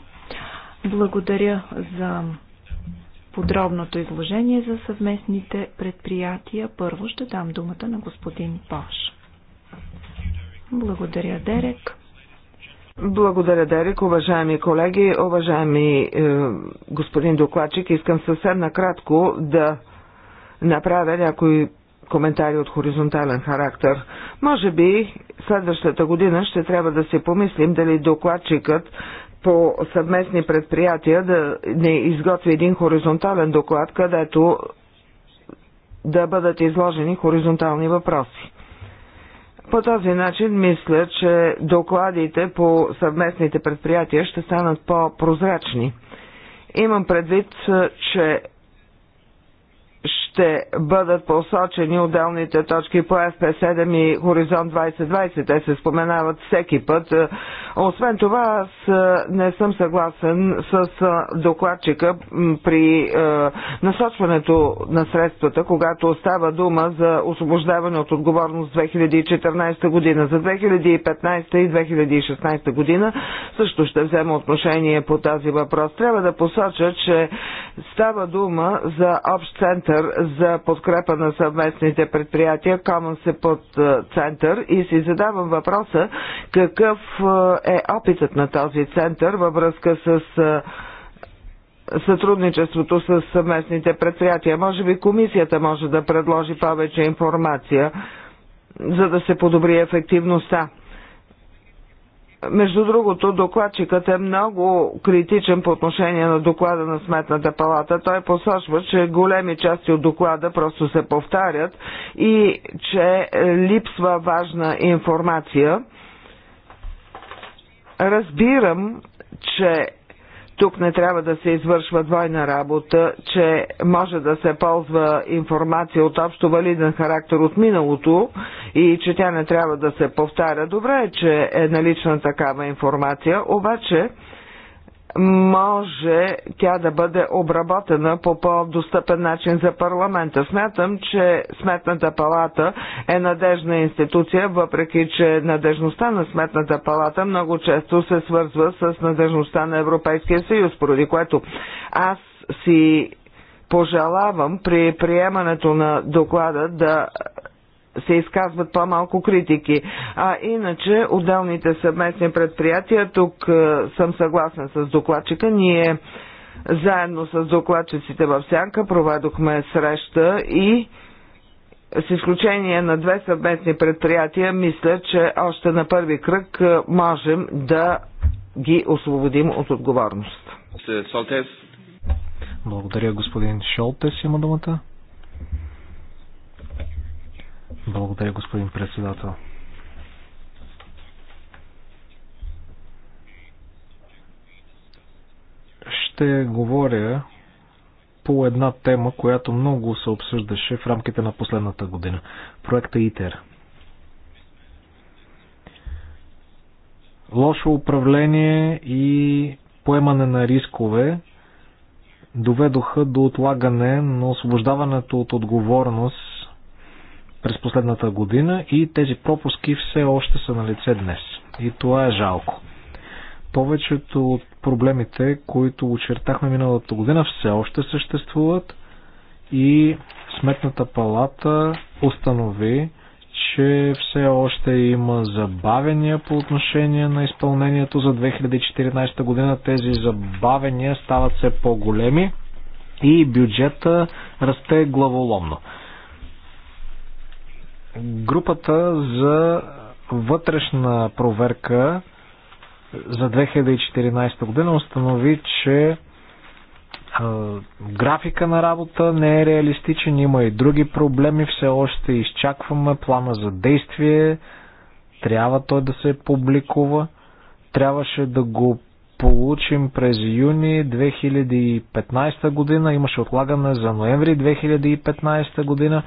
благодаря за подробното изложение за съвместните предприятия. Първо ще дам думата на господин Пош. Благодаря, Дерек. Благодаря, Дерек. Уважаеми колеги, уважаеми е, господин докладчик, искам съвсем накратко да направя някои коментари от хоризонтален характер. Може би следващата година ще трябва да се помислим дали докладчикът по съвместни предприятия да не изготви един хоризонтален доклад, където да бъдат изложени хоризонтални въпроси. По този начин мисля, че докладите по съвместните предприятия ще станат по-прозрачни. Имам предвид, че ще бъдат посочени отделните точки по FP7 и Хоризонт 2020. Те се споменават всеки път. Освен това, аз не съм съгласен с докладчика при насочването на средствата, когато става дума за освобождаване от отговорност 2014 година. За 2015 и 2016 година също ще взема отношение по тази въпрос. Трябва да посоча, че става дума за общ център за подкрепа на съвместните предприятия Common Support е, Center и си задавам въпроса какъв е, е опитът на този център във връзка с е, сътрудничеството с съвместните предприятия. Може би комисията може да предложи повече информация, за да се подобри ефективността. Между другото, докладчикът е много критичен по отношение на доклада на Сметната палата. Той посочва, че големи части от доклада просто се повтарят и че липсва важна информация. Разбирам, че тук не трябва да се извършва двойна работа, че може да се ползва информация от общо валиден характер от миналото и че тя не трябва да се повтаря. Добре е, че е налична такава информация, обаче може тя да бъде обработена по по-достъпен начин за парламента. Смятам, че Сметната палата е надежна институция, въпреки че надежността на Сметната палата много често се свързва с надежността на Европейския съюз, поради което аз си пожелавам при приемането на доклада да се изказват по-малко критики. А иначе отделните съвместни предприятия, тук съм съгласен с докладчика, ние заедно с докладчиците в Сянка проведохме среща и с изключение на две съвместни предприятия, мисля, че още на първи кръг можем да ги освободим от отговорност. Благодаря, господин Шолтес. Има думата. Благодаря, господин председател. Ще говоря по една тема, която много се обсъждаше в рамките на последната година. Проекта ИТЕР. Лошо управление и поемане на рискове доведоха до отлагане на освобождаването от отговорност през последната година и тези пропуски все още са на лице днес. И това е жалко. Повечето от проблемите, които очертахме миналата година, все още съществуват и Сметната палата установи, че все още има забавения по отношение на изпълнението за 2014 година. Тези забавения стават все по-големи и бюджета расте главоломно. Групата за вътрешна проверка за 2014 година установи, че графика на работа не е реалистичен, има и други проблеми, все още изчакваме плана за действие, трябва той да се публикува. Трябваше да го получим през юни 2015 година, имаше отлагане за ноември 2015 година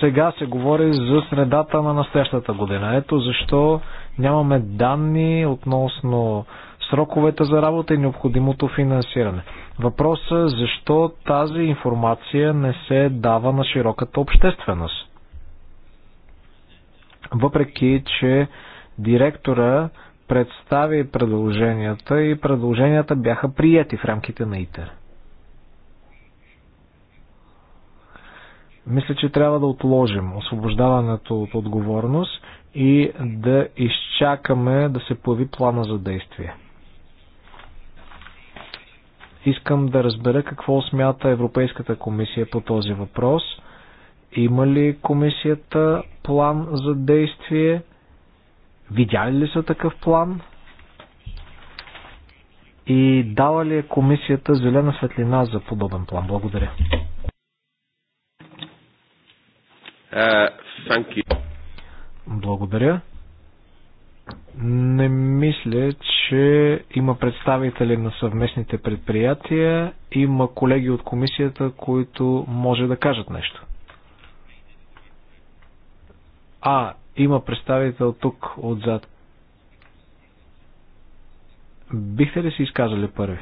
сега се говори за средата на настоящата година. Ето защо нямаме данни относно сроковете за работа и необходимото финансиране. Въпросът е защо тази информация не се дава на широката общественост. Въпреки, че директора представи предложенията и предложенията бяха приети в рамките на ИТЕР. Мисля, че трябва да отложим освобождаването от отговорност и да изчакаме да се появи плана за действие. Искам да разбера какво смята Европейската комисия по този въпрос. Има ли комисията план за действие? Видяли ли са такъв план? И дава ли е комисията зелена светлина за подобен план? Благодаря. Uh, Благодаря. Не мисля, че има представители на съвместните предприятия. Има колеги от комисията, които може да кажат нещо. А, има представител тук отзад. Бихте ли се изказали първи?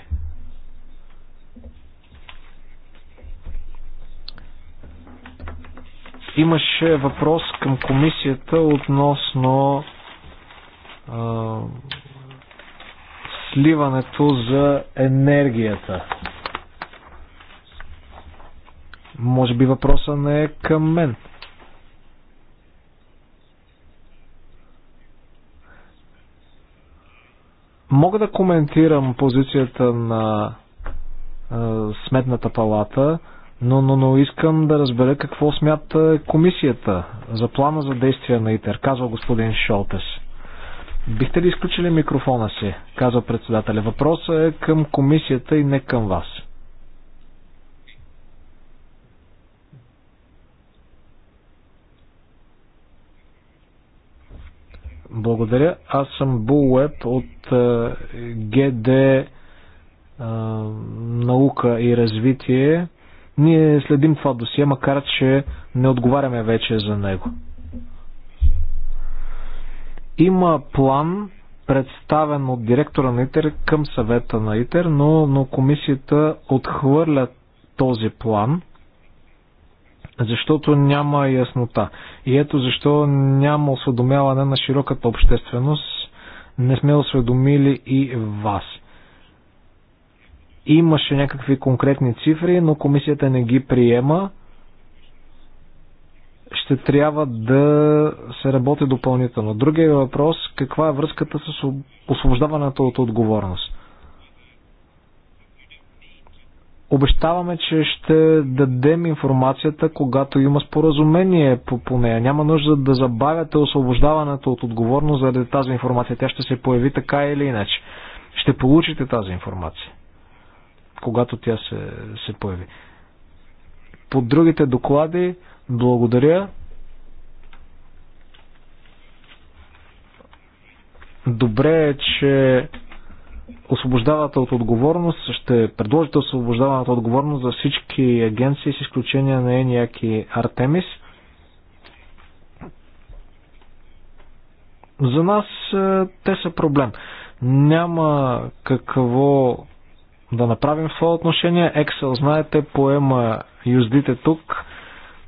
Имаше въпрос към комисията относно а, сливането за енергията. Може би въпроса не е към мен. Мога да коментирам позицията на Сметната палата. Но, но, но искам да разбера какво смята комисията за плана за действие на ИТЕР, казва господин Шолтес. Бихте ли изключили микрофона си, казва председателя. Въпросът е към комисията и не към вас. Благодаря. Аз съм Булуеб от е, ГД е, наука и развитие. Ние следим това досие, макар че не отговаряме вече за него. Има план, представен от директора на ИТЕР към съвета на ИТЕР, но, но комисията отхвърля този план, защото няма яснота. И ето защо няма осведомяване на широката общественост. Не сме осведомили и вас. Имаше някакви конкретни цифри, но комисията не ги приема. Ще трябва да се работи допълнително. Другия въпрос, каква е връзката с освобождаването от отговорност? Обещаваме, че ще дадем информацията, когато има споразумение по, по нея. Няма нужда да забавяте освобождаването от отговорност заради тази информация. Тя ще се появи така или иначе. Ще получите тази информация когато тя се, се появи. По другите доклади, благодаря. Добре е, че освобождавате от отговорност, ще предложите освобождаването от отговорност за всички агенции с изключение на ЕНИАК и Артемис. За нас е, те са проблем. Няма какво да направим в това отношение. Excel, знаете, поема юздите тук.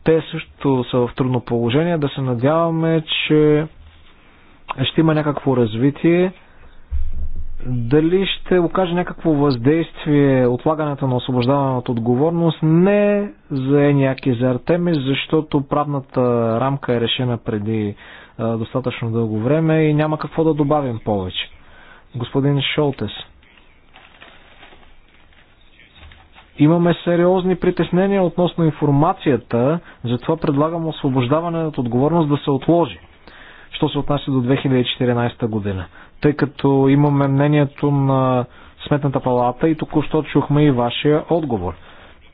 Те също са в трудно положение. Да се надяваме, че ще има някакво развитие. Дали ще окаже някакво въздействие отлагането на освобождаване от отговорност? Не за Еняк и за Артемис, защото правната рамка е решена преди достатъчно дълго време и няма какво да добавим повече. Господин Шолтес. Имаме сериозни притеснения относно информацията, затова предлагам освобождаване от отговорност да се отложи, що се отнася до 2014 година. Тъй като имаме мнението на Сметната палата и току-що чухме и вашия отговор.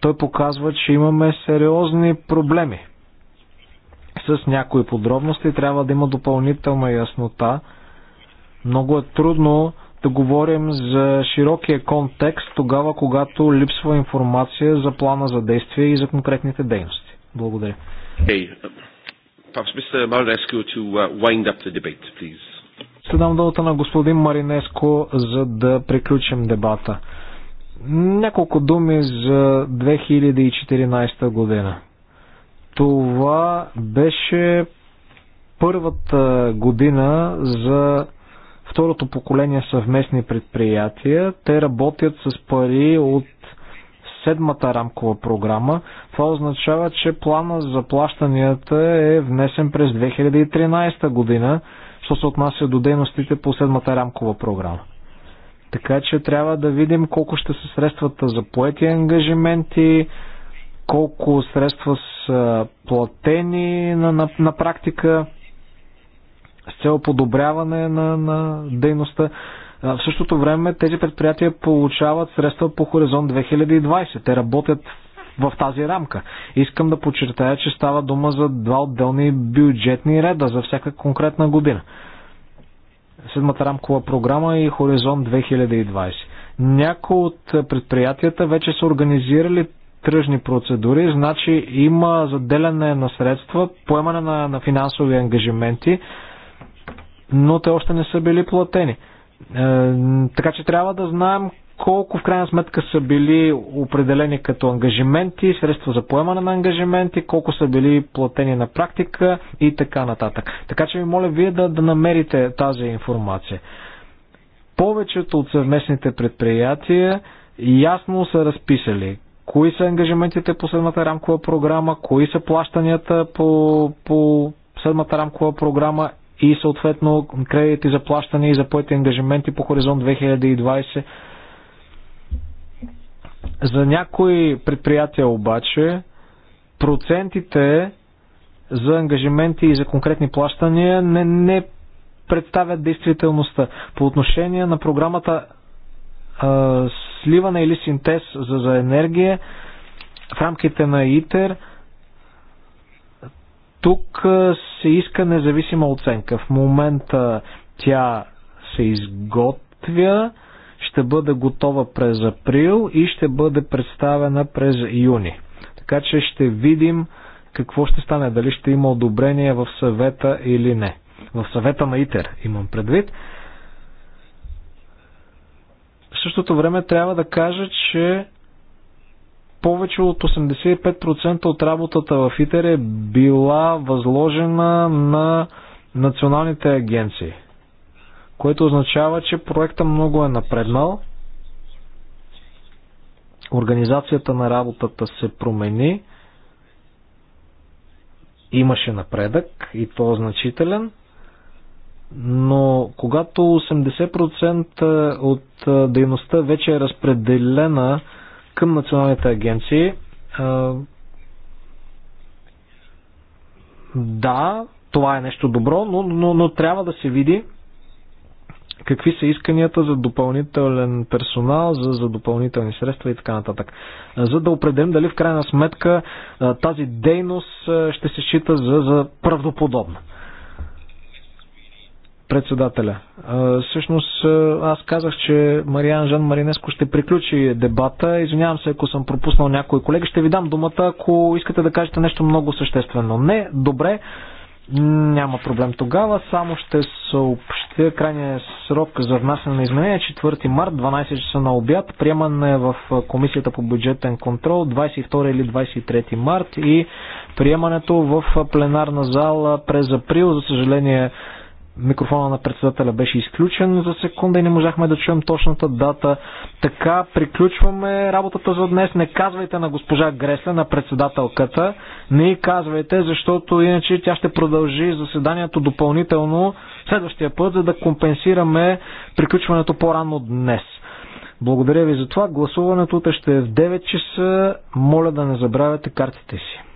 Той показва, че имаме сериозни проблеми. С някои подробности трябва да има допълнителна яснота. Много е трудно да говорим за широкия контекст тогава, когато липсва информация за плана за действие и за конкретните дейности. Благодаря. Hey, uh, debate, please. дам думата на господин Маринеско, за да приключим дебата. Няколко думи за 2014 година. Това беше първата година за второто поколение съвместни предприятия. Те работят с пари от седмата рамкова програма. Това означава, че плана за плащанията е внесен през 2013 година, що се отнася до дейностите по седмата рамкова програма. Така че трябва да видим колко ще са средствата за поети ангажименти, колко средства са платени на, на, на практика с цел подобряване на, на дейността. В същото време тези предприятия получават средства по Хоризонт 2020. Те работят в тази рамка. Искам да подчертая, че става дума за два отделни бюджетни реда за всяка конкретна година. Седмата рамкова програма и Хоризонт 2020. Някои от предприятията вече са организирали тръжни процедури, значи има заделяне на средства, поемане на, на финансови ангажименти, но те още не са били платени. Е, така че трябва да знаем колко в крайна сметка са били определени като ангажименти, средства за поемане на ангажименти, колко са били платени на практика и така нататък. Така че ви моля вие да, да намерите тази информация. Повечето от съвместните предприятия ясно са разписали кои са ангажиментите по седмата рамкова програма, кои са плащанията по, по седмата рамкова програма и съответно кредити за плащане и за поети ангажименти по хоризонт 2020. За някои предприятия обаче процентите за ангажименти и за конкретни плащания не, не представят действителността. По отношение на програмата а, сливане или синтез за, за енергия в рамките на ИТЕР – тук се иска независима оценка. В момента тя се изготвя, ще бъде готова през април и ще бъде представена през юни. Така че ще видим какво ще стане, дали ще има одобрение в съвета или не. В съвета на ИТЕР имам предвид. В същото време трябва да кажа, че повече от 85% от работата в ИТЕР е била възложена на националните агенции, което означава, че проекта много е напреднал, организацията на работата се промени, имаше напредък и то е значителен, но когато 80% от дейността вече е разпределена към националните агенции. Да, това е нещо добро, но, но, но трябва да се види какви са исканията за допълнителен персонал, за, за допълнителни средства и така нататък. За да определим дали в крайна сметка тази дейност ще се счита за, за правдоподобна. Председателя. Всъщност аз казах, че Мариан Жан Маринеско ще приключи дебата. Извинявам се, ако съм пропуснал някой колеги. Ще ви дам думата, ако искате да кажете нещо много съществено. Не, добре. Няма проблем тогава, само ще съобщя крайния срок за внасяне на изменения 4 март, 12 часа на обяд, приемане е в Комисията по бюджетен контрол 22 или 23 март и приемането в пленарна зала през април, за съжаление микрофона на председателя беше изключен за секунда и не можахме да чуем точната дата. Така приключваме работата за днес. Не казвайте на госпожа Гресле, на председателката. Не й казвайте, защото иначе тя ще продължи заседанието допълнително следващия път, за да компенсираме приключването по-рано днес. Благодаря ви за това. Гласуването ще е в 9 часа. Моля да не забравяте картите си.